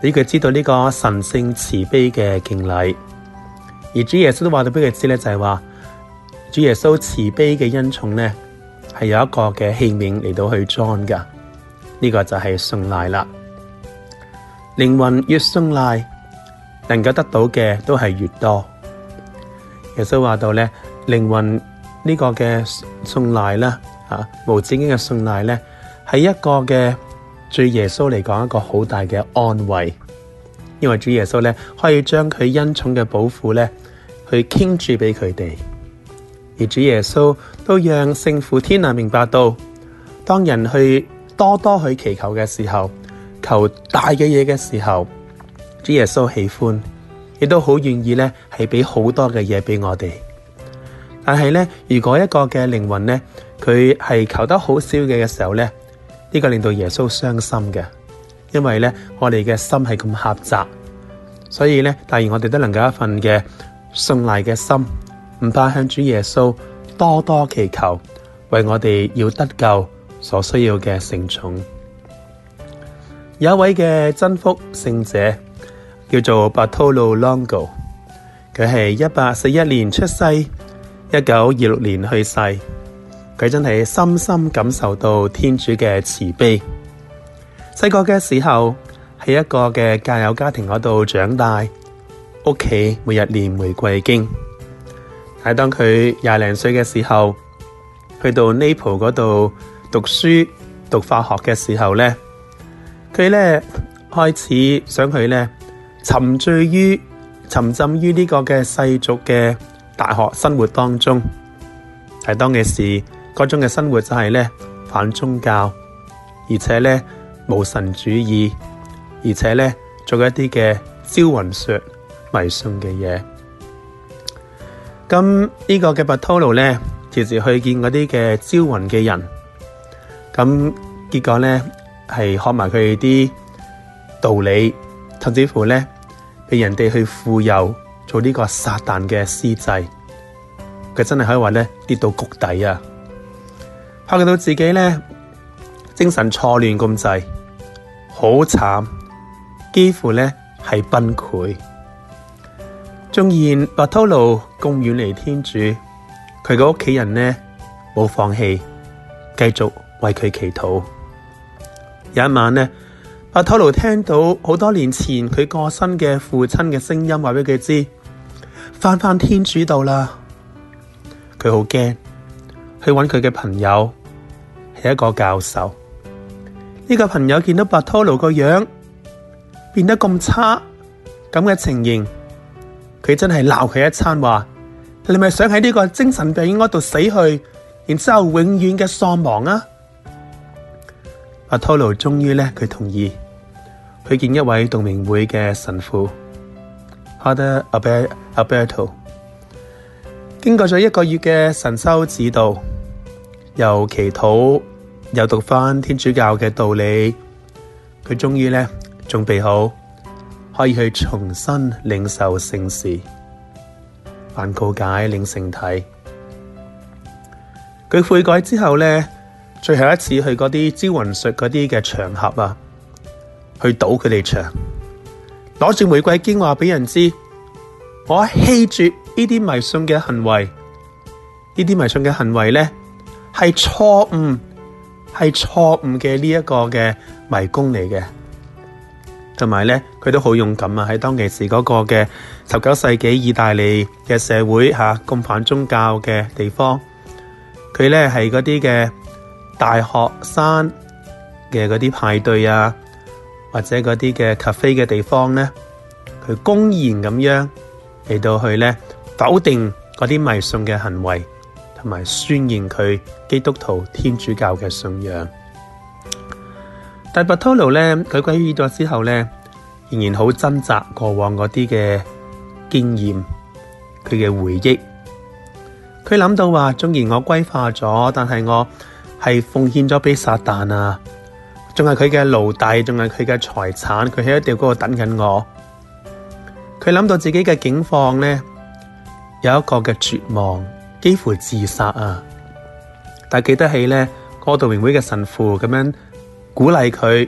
俾佢知道呢個神聖慈悲嘅敬禮。而主耶穌都話到俾佢知咧，就係、是、話主耶穌慈悲嘅恩寵咧，係有一個嘅器皿嚟到去裝噶，呢、這個就係信賴啦。靈魂越信賴，能夠得到嘅都係越多。耶穌話到咧。靈魂呢個嘅信賴啦，啊無止境嘅信賴呢，係一個嘅，主耶穌嚟講一個好大嘅安慰，因為主耶穌呢，可以將佢恩寵嘅寶庫呢，去傾注給佢哋，而主耶穌都讓聖父天啊明白到，當人去多多去祈求嘅時候，求大嘅嘢嘅時候，主耶穌喜歡，亦都好願意呢，係俾好多嘅嘢俾我哋。但是呢，如果一個嘅靈魂呢，佢係求得好少嘅嘅時候呢，呢、這個令到耶穌傷心嘅，因為呢，我哋嘅心係咁狹窄，所以呢，但願我哋都能夠一份嘅信賴嘅心，唔怕向主耶穌多多祈求，為我哋要得救所需要嘅聖寵。有一位嘅真福聖者叫做 Bartolo Longo，佢係一八四一年出世。一九二六年去世，佢真係深深感受到天主嘅慈悲。細個嘅時候喺一個嘅教友家庭嗰度長大，屋企每日念玫瑰經。但係當佢廿零歲嘅時候，去到 Naples 嗰度讀書讀化學嘅時候咧，佢咧開始想佢咧沉醉於、沉浸於呢個嘅世俗嘅。大學生活當中，係當嘅事，嗰種嘅生活就係咧反宗教，而且咧無神主義，而且咧做一啲嘅招魂術迷信嘅嘢。咁呢個嘅柏托魯咧，其實去見嗰啲嘅招魂嘅人，咁結果咧係學埋佢哋啲道理，甚至乎咧俾人哋去附誘。做呢個撒旦嘅司祭，佢真係可以話呢跌到谷底啊，怕到自己呢精神錯亂咁滯，好慘，幾乎呢係崩潰。縱然白托露咁遠離天主，佢個屋企人呢冇放棄，繼續為佢祈禱。有一晚呢，白托露聽到好多年前佢過身嘅父親嘅聲音告，話俾佢知。返返天主度啦，佢好驚，去揾佢嘅朋友，係一個教授。呢個朋友見到白托勞個樣變得咁差，咁嘅情形，佢真係鬧佢一餐話：你咪想喺呢個精神病院嗰度死去，然之後永遠嘅喪亡啊！白托勞終於咧，佢同意去見一位道明會嘅神父，吓得阿爸。阿伯托經過咗一個月嘅神修指導，又祈禱，又讀翻天主教嘅道理，佢終於咧，準備好可以去重新領受聖事，辦告解，領聖體。佢悔改之後咧，最後一次去嗰啲招魂術嗰啲嘅場合啊，去賭佢哋場，攞住玫瑰經話俾人知。我棄住這些迷信的行為，這些迷信的行為呢是錯誤，是錯誤的這一個迷宮來的，同埋呢他都好勇敢啊！喺當其時那個嘅十九世紀意大利的社會吓，共反宗教的地方，他呢係嗰啲大學生的嗰啲派對啊，或者那些咖啡的地方呢他公然這樣。嚟到去呢，否定嗰啲迷信嘅行為，同埋宣揚佢基督徒天主教嘅信仰。但係柏托魯咧，佢歸於基督之後呢，仍然好掙扎過往嗰啲嘅經驗，佢嘅回憶。佢諗到話，縱然我歸化咗，但係我係奉獻咗畀撒旦啊，仲係佢嘅奴隸，仲係佢嘅財產，佢喺一條嗰度等緊我。佢諗到自己嘅境況呢，有一個嘅絕望，幾乎自殺啊。但係記得起呢，哥度明會嘅神父咁樣鼓勵佢：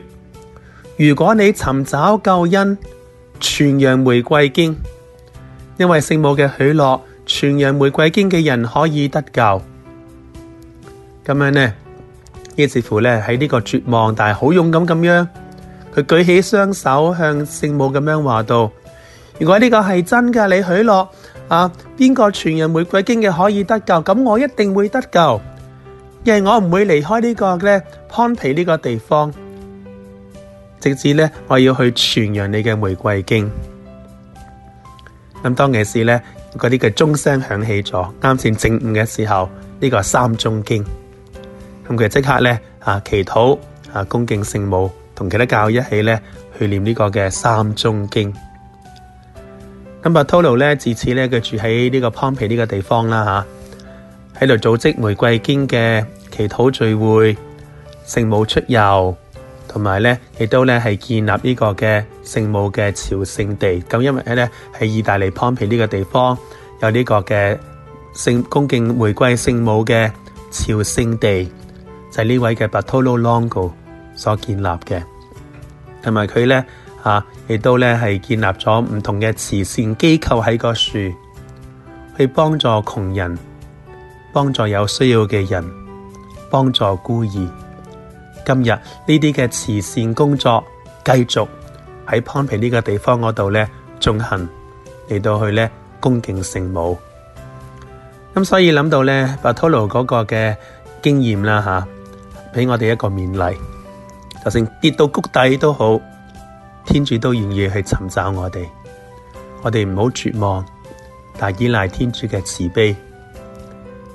如果你尋找救恩，傳揚玫瑰經，因為聖母嘅許諾，傳揚玫瑰經嘅人可以得救。咁樣呢，亦似乎呢喺呢個絕望，但係好勇敢咁樣，佢舉起雙手向聖母咁樣話道。如果呢個係真㗎，你許諾啊，邊個傳揚玫瑰經嘅可以得救？咁我一定會得救，因為我唔會離開這個呢個咧，康皮呢個地方，直至咧我要去傳揚你嘅玫瑰經。咁當其時咧，嗰啲嘅鐘聲響起咗，啱先正午嘅時候，呢、這個三鐘經，咁佢即刻咧啊，祈禱啊，恭敬聖母，同其他教友一起咧去念呢個嘅三鐘經。咁柏托洛咧，自此咧，佢住喺呢個龐皮呢個地方啦，吓喺度組織玫瑰經嘅祈禱聚會、聖母出遊，同埋咧亦都咧係建立呢個嘅聖母嘅朝聖地。咁因為咧喺意大利龐皮呢個地方有呢個嘅聖恭敬玫瑰聖母嘅朝聖地，就係、是、呢位嘅柏托洛·朗古所建立嘅，同埋佢咧。啊，亦都咧係建立咗唔同嘅慈善機構喺個樹，去幫助窮人，幫助有需要嘅人，幫助孤兒。今日呢啲嘅慈善工作繼續喺潘平呢個地方嗰度咧進行嚟到去咧恭敬聖母。咁、嗯、所以諗到咧，白托路嗰個嘅經驗啦，吓、啊、俾我哋一個勉勵，就算跌到谷底都好。天主都願意去尋找我哋，我哋唔好絕望，但依賴天主嘅慈悲。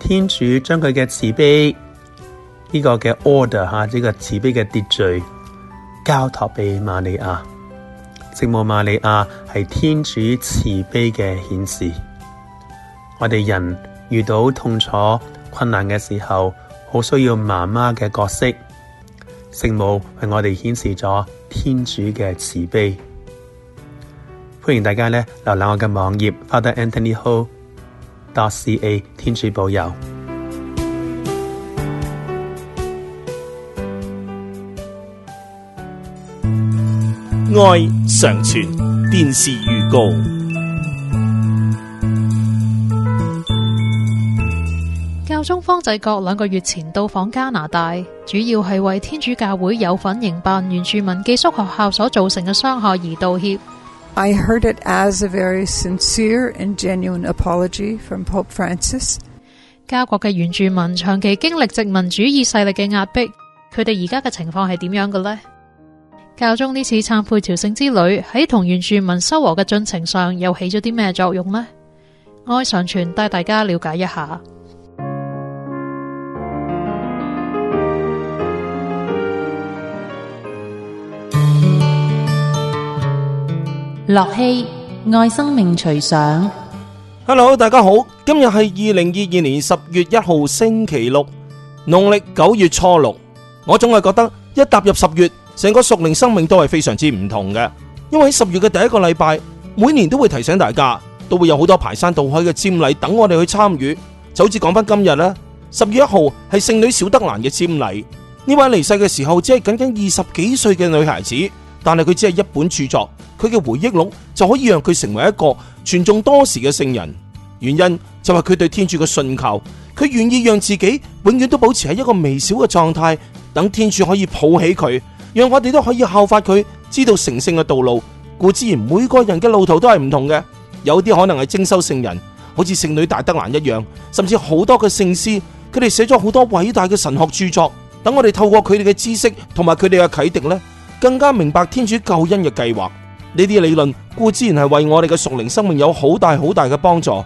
天主將佢嘅慈悲呢個嘅 order 呢個慈悲嘅秩序交託俾瑪利亞。聖母瑪利亞係天主慈悲嘅顯示。我哋人遇到痛楚、困難嘅時候，好需要媽媽嘅角色。聖母為我哋顯示咗。天主嘅慈悲，歡迎大家咧瀏覽我嘅網頁，Father Anthony Ho. dot C A，天主保佑。愛常傳電視預告。中方濟各兩個月前到訪加拿大，主要係為天主教會有份營辦原住民寄宿學校所造成嘅傷害而道歉。I heard it as a very sincere and genuine apology from Pope Francis。加國嘅原住民長期經歷殖民主義勢力嘅壓迫，佢哋而家嘅情況係點樣嘅呢？教宗呢次懺悔朝聖之旅喺同原住民修和嘅進程上又起咗啲咩作用呢？愛上傳帶大家了解一下。樂器愛生命隨想，Hello，大家好，今日係二零二二年十月一號星期六，農曆九月初六。我總係覺得一踏入十月，成個屬靈生命都係非常之唔同嘅。因為喺十月嘅第一個禮拜，每年都會提醒大家，都會有好多排山倒海嘅佔禮等我哋去參與。就好似講翻今日啦，十月一號係聖女小德蘭嘅佔禮，呢位離世嘅時候只係僅僅二十幾歲嘅女孩子。但係佢只係一本著作，佢嘅回憶錄就可以讓佢成為一個傳頌多時嘅聖人。原因就係佢對天主嘅信求，佢願意讓自己永遠都保持喺一個微小嘅狀態，等天主可以抱起佢，讓我哋都可以效法佢，知道成聖嘅道路。固之然每個人嘅路途都係唔同嘅，有啲可能係精修聖人，好似聖女大德蘭一樣，甚至好多嘅聖師，佢哋寫咗好多偉大嘅神學著作，等我哋透過佢哋嘅知識同埋佢哋嘅啟迪呢。更加明白天主救恩嘅計劃，呢啲理論固之然係為我哋嘅屬靈生命有好大好大嘅幫助，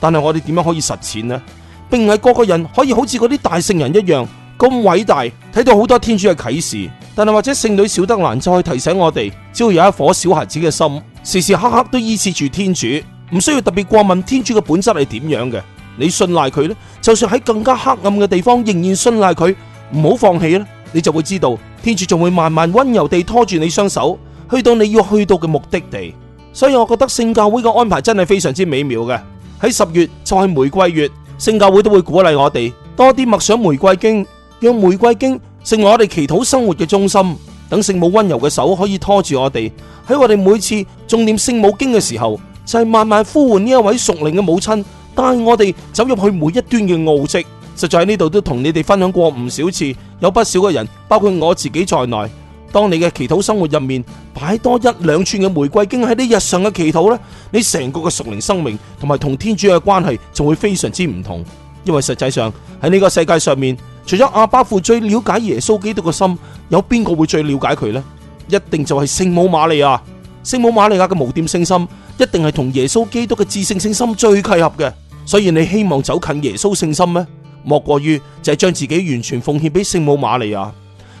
但係我哋點樣可以實踐呢？並唔係個個人可以好似嗰啲大聖人一樣咁偉大，睇到好多天主嘅啟示，但係或者聖女小德蘭就可以提醒我哋，只要有一顆小孩子嘅心，時時刻刻都依恃住天主，唔需要特別過問天主嘅本質係點樣嘅，你信賴佢呢？就算喺更加黑暗嘅地方，仍然信賴佢，唔好放棄呢。你就會知道，天主仲會慢慢温柔地拖住你雙手，去到你要去到嘅目的地。所以我覺得聖教會嘅安排真係非常之美妙嘅。喺十月就係玫瑰月，聖教會都會鼓勵我哋多啲默想玫瑰經，讓玫瑰經成為我哋祈禱生活嘅中心。等聖母溫柔嘅手可以拖住我哋，喺我哋每次誦念聖母經嘅時候，就係、是、慢慢呼喚呢一位屬靈嘅母親，帶我哋走入去每一端嘅奧跡。實在喺呢度都同你哋分享過唔少次，有不少嘅人，包括我自己在內。當你嘅祈禱生活入面擺多一兩串嘅玫瑰經喺你日常嘅祈禱呢，你成個嘅屬靈生命同埋同天主嘅關係就會非常之唔同。因為實際上喺呢個世界上面，除咗阿巴父最了解耶穌基督嘅心，有邊個會最了解佢呢？一定就係聖母瑪利亞。聖母瑪利亞嘅無玷聖心，一定係同耶穌基督嘅至聖聖心最契合嘅。所以你希望走近耶穌聖心咩？莫過於就係將自己完全奉獻俾聖母瑪利亞，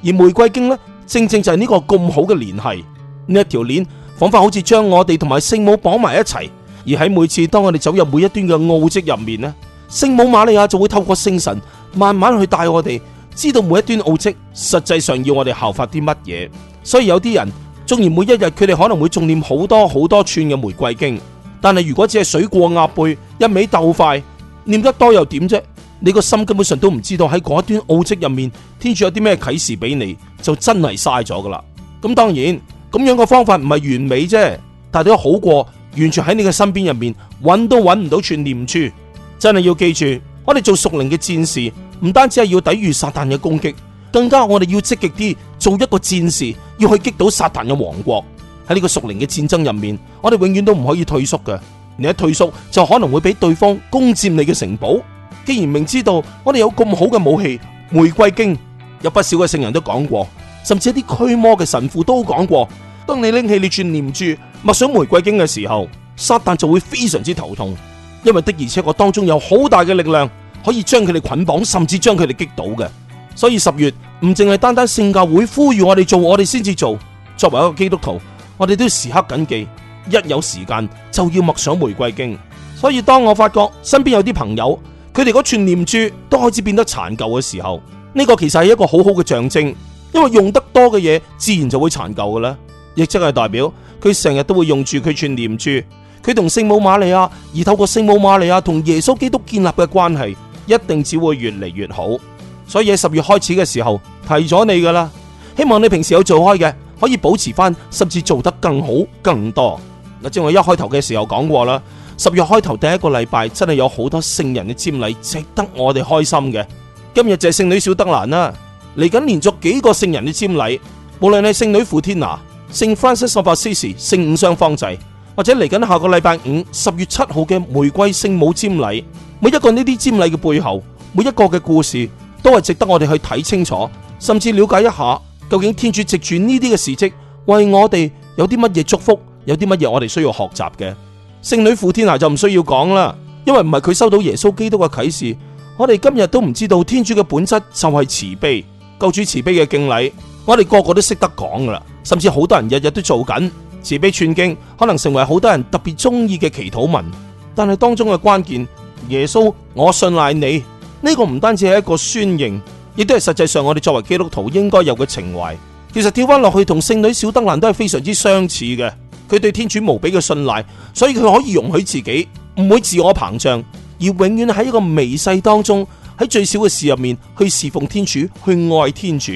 而玫瑰經呢，正正就係呢個咁好嘅連繫，呢一條鏈仿佛好似將我哋同埋聖母綁埋一齊。而喺每次當我哋走入每一端嘅奧跡入面咧，聖母瑪利亞就會透過聖神慢慢去帶我哋，知道每一端奧跡實際上要我哋效法啲乜嘢。所以有啲人縱然每一日佢哋可能會仲念好多好多串嘅玫瑰經，但係如果只係水過鴨背，一味鬥快念得多又點啫？你個心根本上都唔知道喺嗰一段奧蹟入面，天主有啲咩啟示俾你，就真係嘥咗噶啦。咁當然咁樣個方法唔係完美啫，但係都好過完全喺你嘅身邊入面揾都揾唔到串念珠。真係要記住，我哋做屬靈嘅戰士，唔單止係要抵禦撒旦嘅攻擊，更加我哋要積極啲，做一個戰士，要去擊倒撒旦嘅王國。喺呢個屬靈嘅戰爭入面，我哋永遠都唔可以退縮嘅。你一退縮，就可能會俾對方攻佔你嘅城堡。既然明知道我哋有咁好嘅武器《玫瑰經》，有不少嘅聖人都講過，甚至一啲驅魔嘅神父都講過。當你拎起呢串念珠默想《玫瑰經》嘅時候，撒旦就會非常之頭痛，因為的而且確當中有好大嘅力量可以將佢哋捆綁，甚至將佢哋擊倒嘅。所以十月唔淨係單單聖教會呼籲我哋做，我哋先至做。作為一個基督徒，我哋都要時刻謹記，一有時間就要默想《玫瑰經》。所以當我發覺身邊有啲朋友，佢哋嗰串念珠都開始變得殘舊嘅時候，呢個其實係一個好好嘅象徵，因為用得多嘅嘢自然就會殘舊嘅啦。亦即係代表佢成日都會用住佢串念珠，佢同聖母瑪利亞而透過聖母瑪利亞同耶穌基督建立嘅關係，一定只會越嚟越好。所以喺十月開始嘅時候提咗你噶啦，希望你平時有做開嘅，可以保持翻，甚至做得更好、更多。嗱，正我一開頭嘅時候講過啦。十月開頭第一個禮拜真係有好多聖人嘅瞻禮，值得我哋開心嘅。今日就係聖女小德蘭啦，嚟緊連續幾個聖人嘅瞻禮，無論係聖女傅天娜、聖 Francis of Assisi 聖五雙方濟，或者嚟緊下，下個禮拜五十月七號嘅玫瑰聖母瞻禮，每一個呢啲瞻禮嘅背後，每一個嘅故事都係值得我哋去睇清楚，甚至了解一下究竟天主藉住呢啲嘅事蹟，為我哋有啲乜嘢祝福，有啲乜嘢我哋需要學習嘅。聖女傅天娜就唔需要講啦，因為唔係佢收到耶穌基督嘅啟示，我哋今日都唔知道天主嘅本質就係慈悲。救主慈悲嘅敬禮，我哋個個都識得講噶啦，甚至好多人日日都做緊慈悲串經，可能成為好多人特別中意嘅祈禱文，但係當中嘅關鍵，耶穌，我信賴你呢，呢個唔單止係一個宣言，亦都係實際上我哋作為基督徒應該有嘅情懷。其實跳翻落去同聖女小德蘭都係非常之相似嘅。佢對天主無比嘅信賴，所以佢可以容許自己唔會自我膨脹，而永遠喺一個微細當中，喺最小嘅事入面去侍奉天主，去愛天主。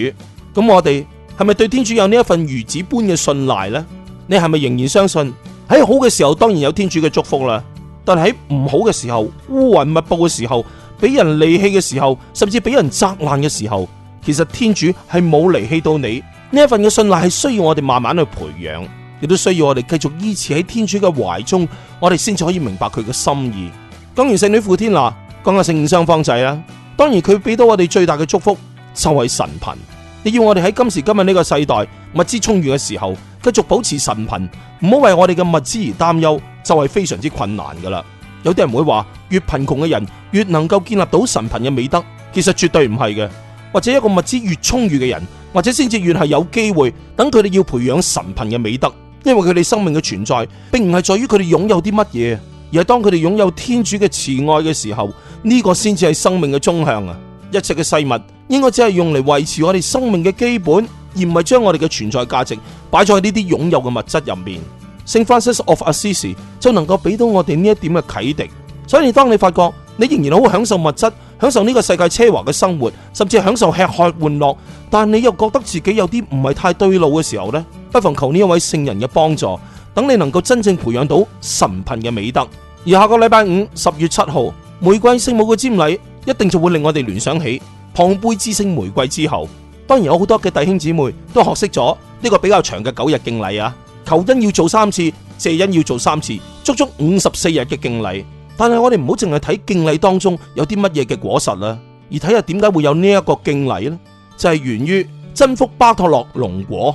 咁我哋係咪對天主有呢一份如子般嘅信賴呢？你係咪仍然相信喺好嘅時候，當然有天主嘅祝福啦。但係喺唔好嘅時候，烏雲密佈嘅時候，俾人離棄嘅時候，甚至俾人責難嘅時候，其實天主係冇離棄到你。呢一份嘅信賴係需要我哋慢慢去培養。亦都需要我哋繼續依持喺天主嘅懷中，我哋先至可以明白佢嘅心意。講完聖女傅天娜啦，講下聖五傷方濟啦。當然佢俾到我哋最大嘅祝福就係神貧。你要我哋喺今時今日呢個世代物資充裕嘅時候，繼續保持神貧，唔好為我哋嘅物資而擔憂，就係非常之困難㗎喇。有啲人會話越貧窮嘅人越能夠建立到神貧嘅美德，其實絕對唔係嘅。或者一個物資越充裕嘅人，或者先至越係有機會等佢哋要培養神貧嘅美德。因為佢哋生命嘅存在，並唔係在於佢哋擁有啲乜嘢，而係當佢哋擁有天主嘅慈愛嘅時候，呢個先至係生命嘅終向啊！一切嘅細物，應該只係用嚟維持我哋生命嘅基本，而唔係將我哋嘅存在價值擺咗喺呢啲擁有嘅物質入面。聖方濟各亞西西就能夠俾到我哋呢一點嘅啟迪。所以當你發覺，你仍然好享受物質，享受呢個世界奢華嘅生活，甚至享受吃喝玩樂，但你又覺得自己有啲唔係太對路嘅時候呢，不妨求呢一位聖人嘅幫助，等你能夠真正培養到神貧嘅美德。而下個禮拜五，十月七號玫瑰聖母嘅瞻禮，一定就會令我哋聯想起龐貝之星玫瑰之后。當然，有好多嘅弟兄姊妹都學識咗呢個比較長嘅九日敬禮啊，求恩要做三次，謝恩要做三次，足足五十四日嘅敬禮。但係我哋唔好淨係睇敬禮當中有啲乜嘢嘅果實啦，而睇下點解會有呢一個敬禮呢？就係、是、源於真福巴托洛龍果，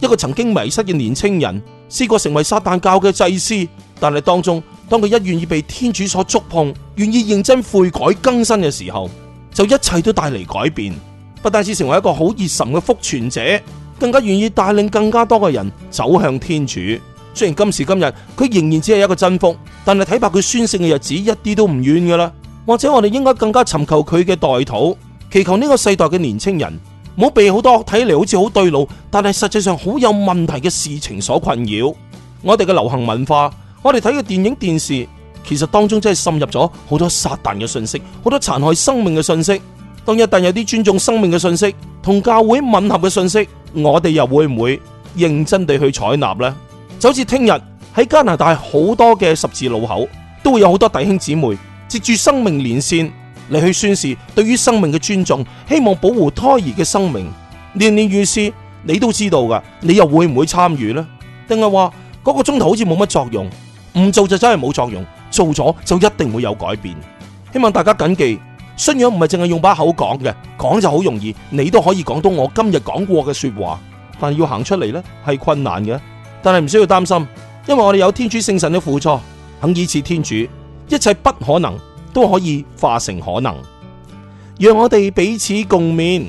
一個曾經迷失嘅年青人，試過成為撒旦教嘅祭司，但係當中當佢一願意被天主所觸碰，願意認真悔改更新嘅時候，就一切都帶嚟改變，不但是成為一個好熱心嘅福傳者，更加願意帶領更加多嘅人走向天主。雖然今時今日佢仍然只係一個真福，但係睇白佢宣聖嘅日子一啲都唔遠㗎喇。或者我哋應該更加尋求佢嘅代禱，祈求呢個世代嘅年青人唔好被好多睇嚟，好似好對路，但係實際上好有問題嘅事情所困擾。我哋嘅流行文化，我哋睇嘅電影電視，其實當中真係滲入咗好多撒旦嘅信息，好多殘害生命嘅信息。當一旦有啲尊重生命嘅信息同教會吻合嘅信息，我哋又會唔會認真地去採納呢？就好似聽日喺加拿大好多嘅十字路口，都會有好多弟兄姊妹接住生命連線嚟去宣示，對於生命嘅尊重，希望保護胎兒嘅生命。年年如是，你都知道噶，你又會唔會參與呢？定係話嗰個鐘頭好似冇乜作用，唔做就真係冇作用，做咗就一定會有改變。希望大家謹記，信仰唔係淨係用把口講嘅，講就好容易，你都可以講到我今日講過嘅說話，但要行出嚟呢，係困難嘅。但係唔需要擔心，因為我哋有天主聖神嘅輔助，肯倚恃天主，一切不可能都可以化成可能。讓我哋彼此共勉，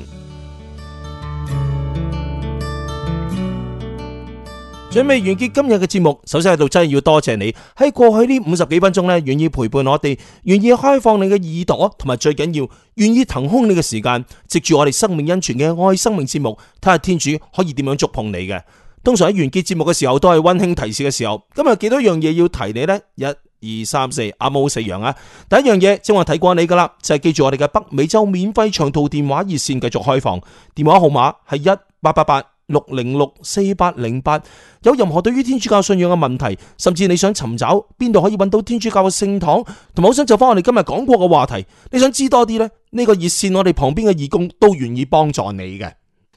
準備完結今日嘅節目。首先喺度真係要多謝你喺過去呢五十幾分鐘咧，願意陪伴我哋，願意開放你嘅耳朵，同埋最緊要願意騰空你嘅時間，藉住我哋生命恩泉嘅愛生命節目，睇下天主可以點樣觸碰你嘅。通常喺完結節目嘅時候，都係溫馨提示嘅時候。今日幾多樣嘢要提你呢？一二三四，阿毛四樣啊！第一樣嘢正話睇過你噶啦，就係、是、記住我哋嘅北美洲免費長途電話熱線繼續開放，電話號碼係一八八八六零六四八零八。有任何對於天主教信仰嘅問題，甚至你想尋找邊度可以揾到天主教嘅聖堂，同埋我想就翻我哋今日講過嘅話題，你想知多啲呢？呢、這個熱線我哋旁邊嘅義工都願意幫助你嘅。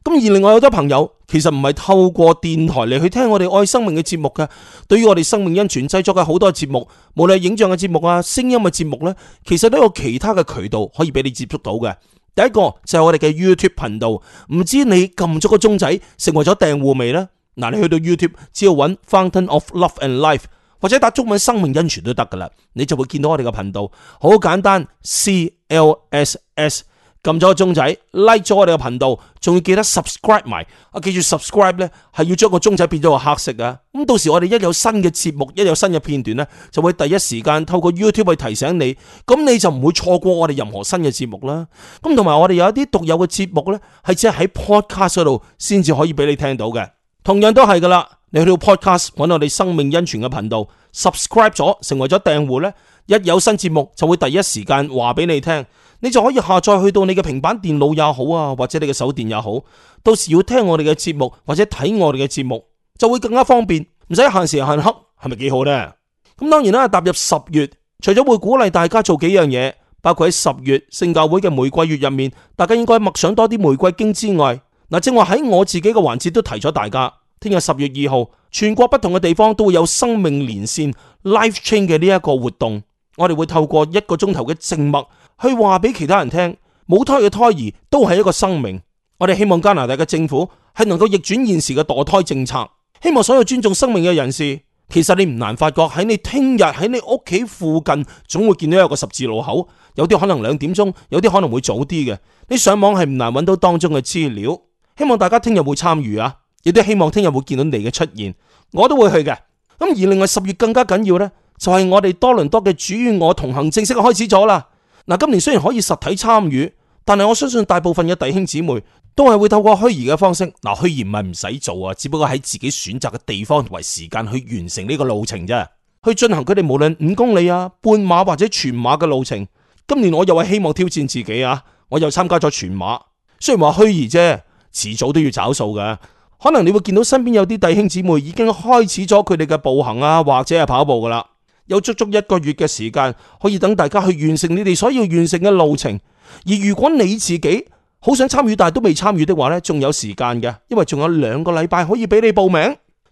咁而另外好多朋友其實唔係透過電台嚟去聽我哋愛生命嘅節目嘅，對於我哋生命恩傳製作嘅好多節目，無論係影像嘅節目啊、聲音嘅節目呢，其實都有其他嘅渠道可以俾你接觸到嘅。第一個就係我哋嘅 YouTube 頻道，唔知你撳咗個鐘仔成為咗訂戶未呢？嗱，你去到 YouTube 只要揾 Fountain of Love and Life 或者打中文生命恩傳都得噶啦，你就會見到我哋嘅頻道。好簡單，C L S S。撳咗個鐘仔，like 咗我哋個頻道，仲要記得 subscribe 埋。啊，記住 subscribe 咧，係要將個鐘仔變咗個黑色啊！咁到時我哋一有新嘅節目，一有新嘅片段咧，就會第一時間透過 YouTube 去提醒你，咁你就唔會錯過我哋任何新嘅節目啦。咁同埋我哋有一啲獨有嘅節目咧，係只係喺 Podcast 度先至可以俾你聽到嘅。同樣都係噶啦，你去到 Podcast 搵我哋生命恩泉嘅頻道，subscribe 咗成為咗訂戶咧，一有新節目就會第一時間話俾你聽。你就可以下載去到你嘅平板電腦也好啊，或者你嘅手電也好，到時要聽我哋嘅節目或者睇我哋嘅節目就會更加方便，唔使限時限刻，係咪幾好呢？咁當然啦，踏入十月，除咗會鼓勵大家做幾樣嘢，包括喺十月聖教會嘅玫瑰月入面，大家應該默想多啲玫瑰經之外，嗱，正話喺我自己嘅環節都提咗大家，聽日十月二號，全國不同嘅地方都會有生命連線 Life Chain 嘅呢一個活動。我哋會透過一個鐘頭嘅靜默去話俾其他人聽，母胎嘅胎兒都係一個生命。我哋希望加拿大嘅政府係能夠逆轉現時嘅墮胎政策。希望所有尊重生命嘅人士，其實你唔難發覺喺你聽日喺你屋企附近總會見到一個十字路口，有啲可能兩點鐘，有啲可能會早啲嘅。你上網係唔難揾到當中嘅資料。希望大家聽日會參與啊！亦都希望聽日會見到你嘅出現，我都會去嘅。咁而另外十月更加緊要呢。就係我哋多倫多嘅主與我同行正式開始咗啦。嗱，今年雖然可以實體參與，但係我相信大部分嘅弟兄姊妹都係會透過虛擬嘅方式。嗱，虛擬唔係唔使做啊，只不過喺自己選擇嘅地方同埋時間去完成呢個路程啫，去進行佢哋無論五公里啊、半馬或者全馬嘅路程。今年我又係希望挑戰自己啊，我又參加咗全馬，雖然話虛擬啫，遲早都要找數㗎。可能你會見到身邊有啲弟兄姊妹已經開始咗佢哋嘅步行啊，或者係跑步噶啦。有足足一個月嘅時間可以等大家去完成你哋所要完成嘅路程。而如果你自己好想參與但係都未參與的話呢，仲有時間嘅，因為仲有兩個禮拜可以俾你報名。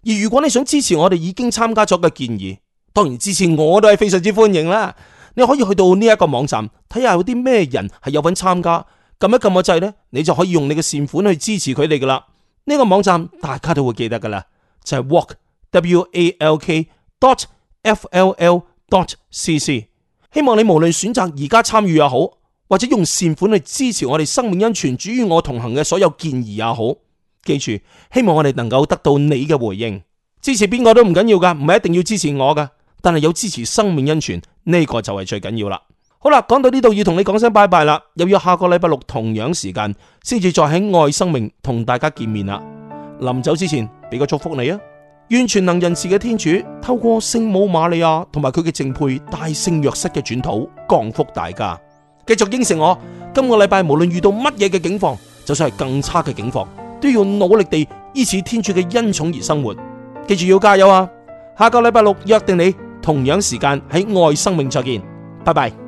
而如果你想支持我哋已經參加咗嘅建議，當然支持我都係非常之歡迎啦。你可以去到呢一個網站睇下有啲咩人係有份參加，撳一撳個掣呢，你就可以用你嘅善款去支持佢哋噶啦。呢個網站大家都會記得噶啦，就係 walk w a l k dot。fll.dot.cc，希望你無論選擇而家參與也好，或者用善款嚟支持我哋生命恩泉主與我同行嘅所有建議也好，記住，希望我哋能夠得到你嘅回應。支持邊個都唔緊要噶，唔係一定要支持我噶，但係有支持生命恩泉呢個就係最緊要啦。好啦，講到呢度要同你講聲拜拜啦，又要下個禮拜六同樣時間先至再喺愛生命同大家見面啦。臨走之前，俾個祝福你啊！完全能仁慈嘅天主透過聖母瑪利亞同埋佢嘅淨配大聖若瑟嘅轉土降福大家，繼續應承我今個禮拜無論遇到乜嘢嘅境況，就算係更差嘅境況，都要努力地依恃天主嘅恩寵而生活。記住要加油啊！下個禮拜六約定你同樣時間喺愛生命再見，拜拜。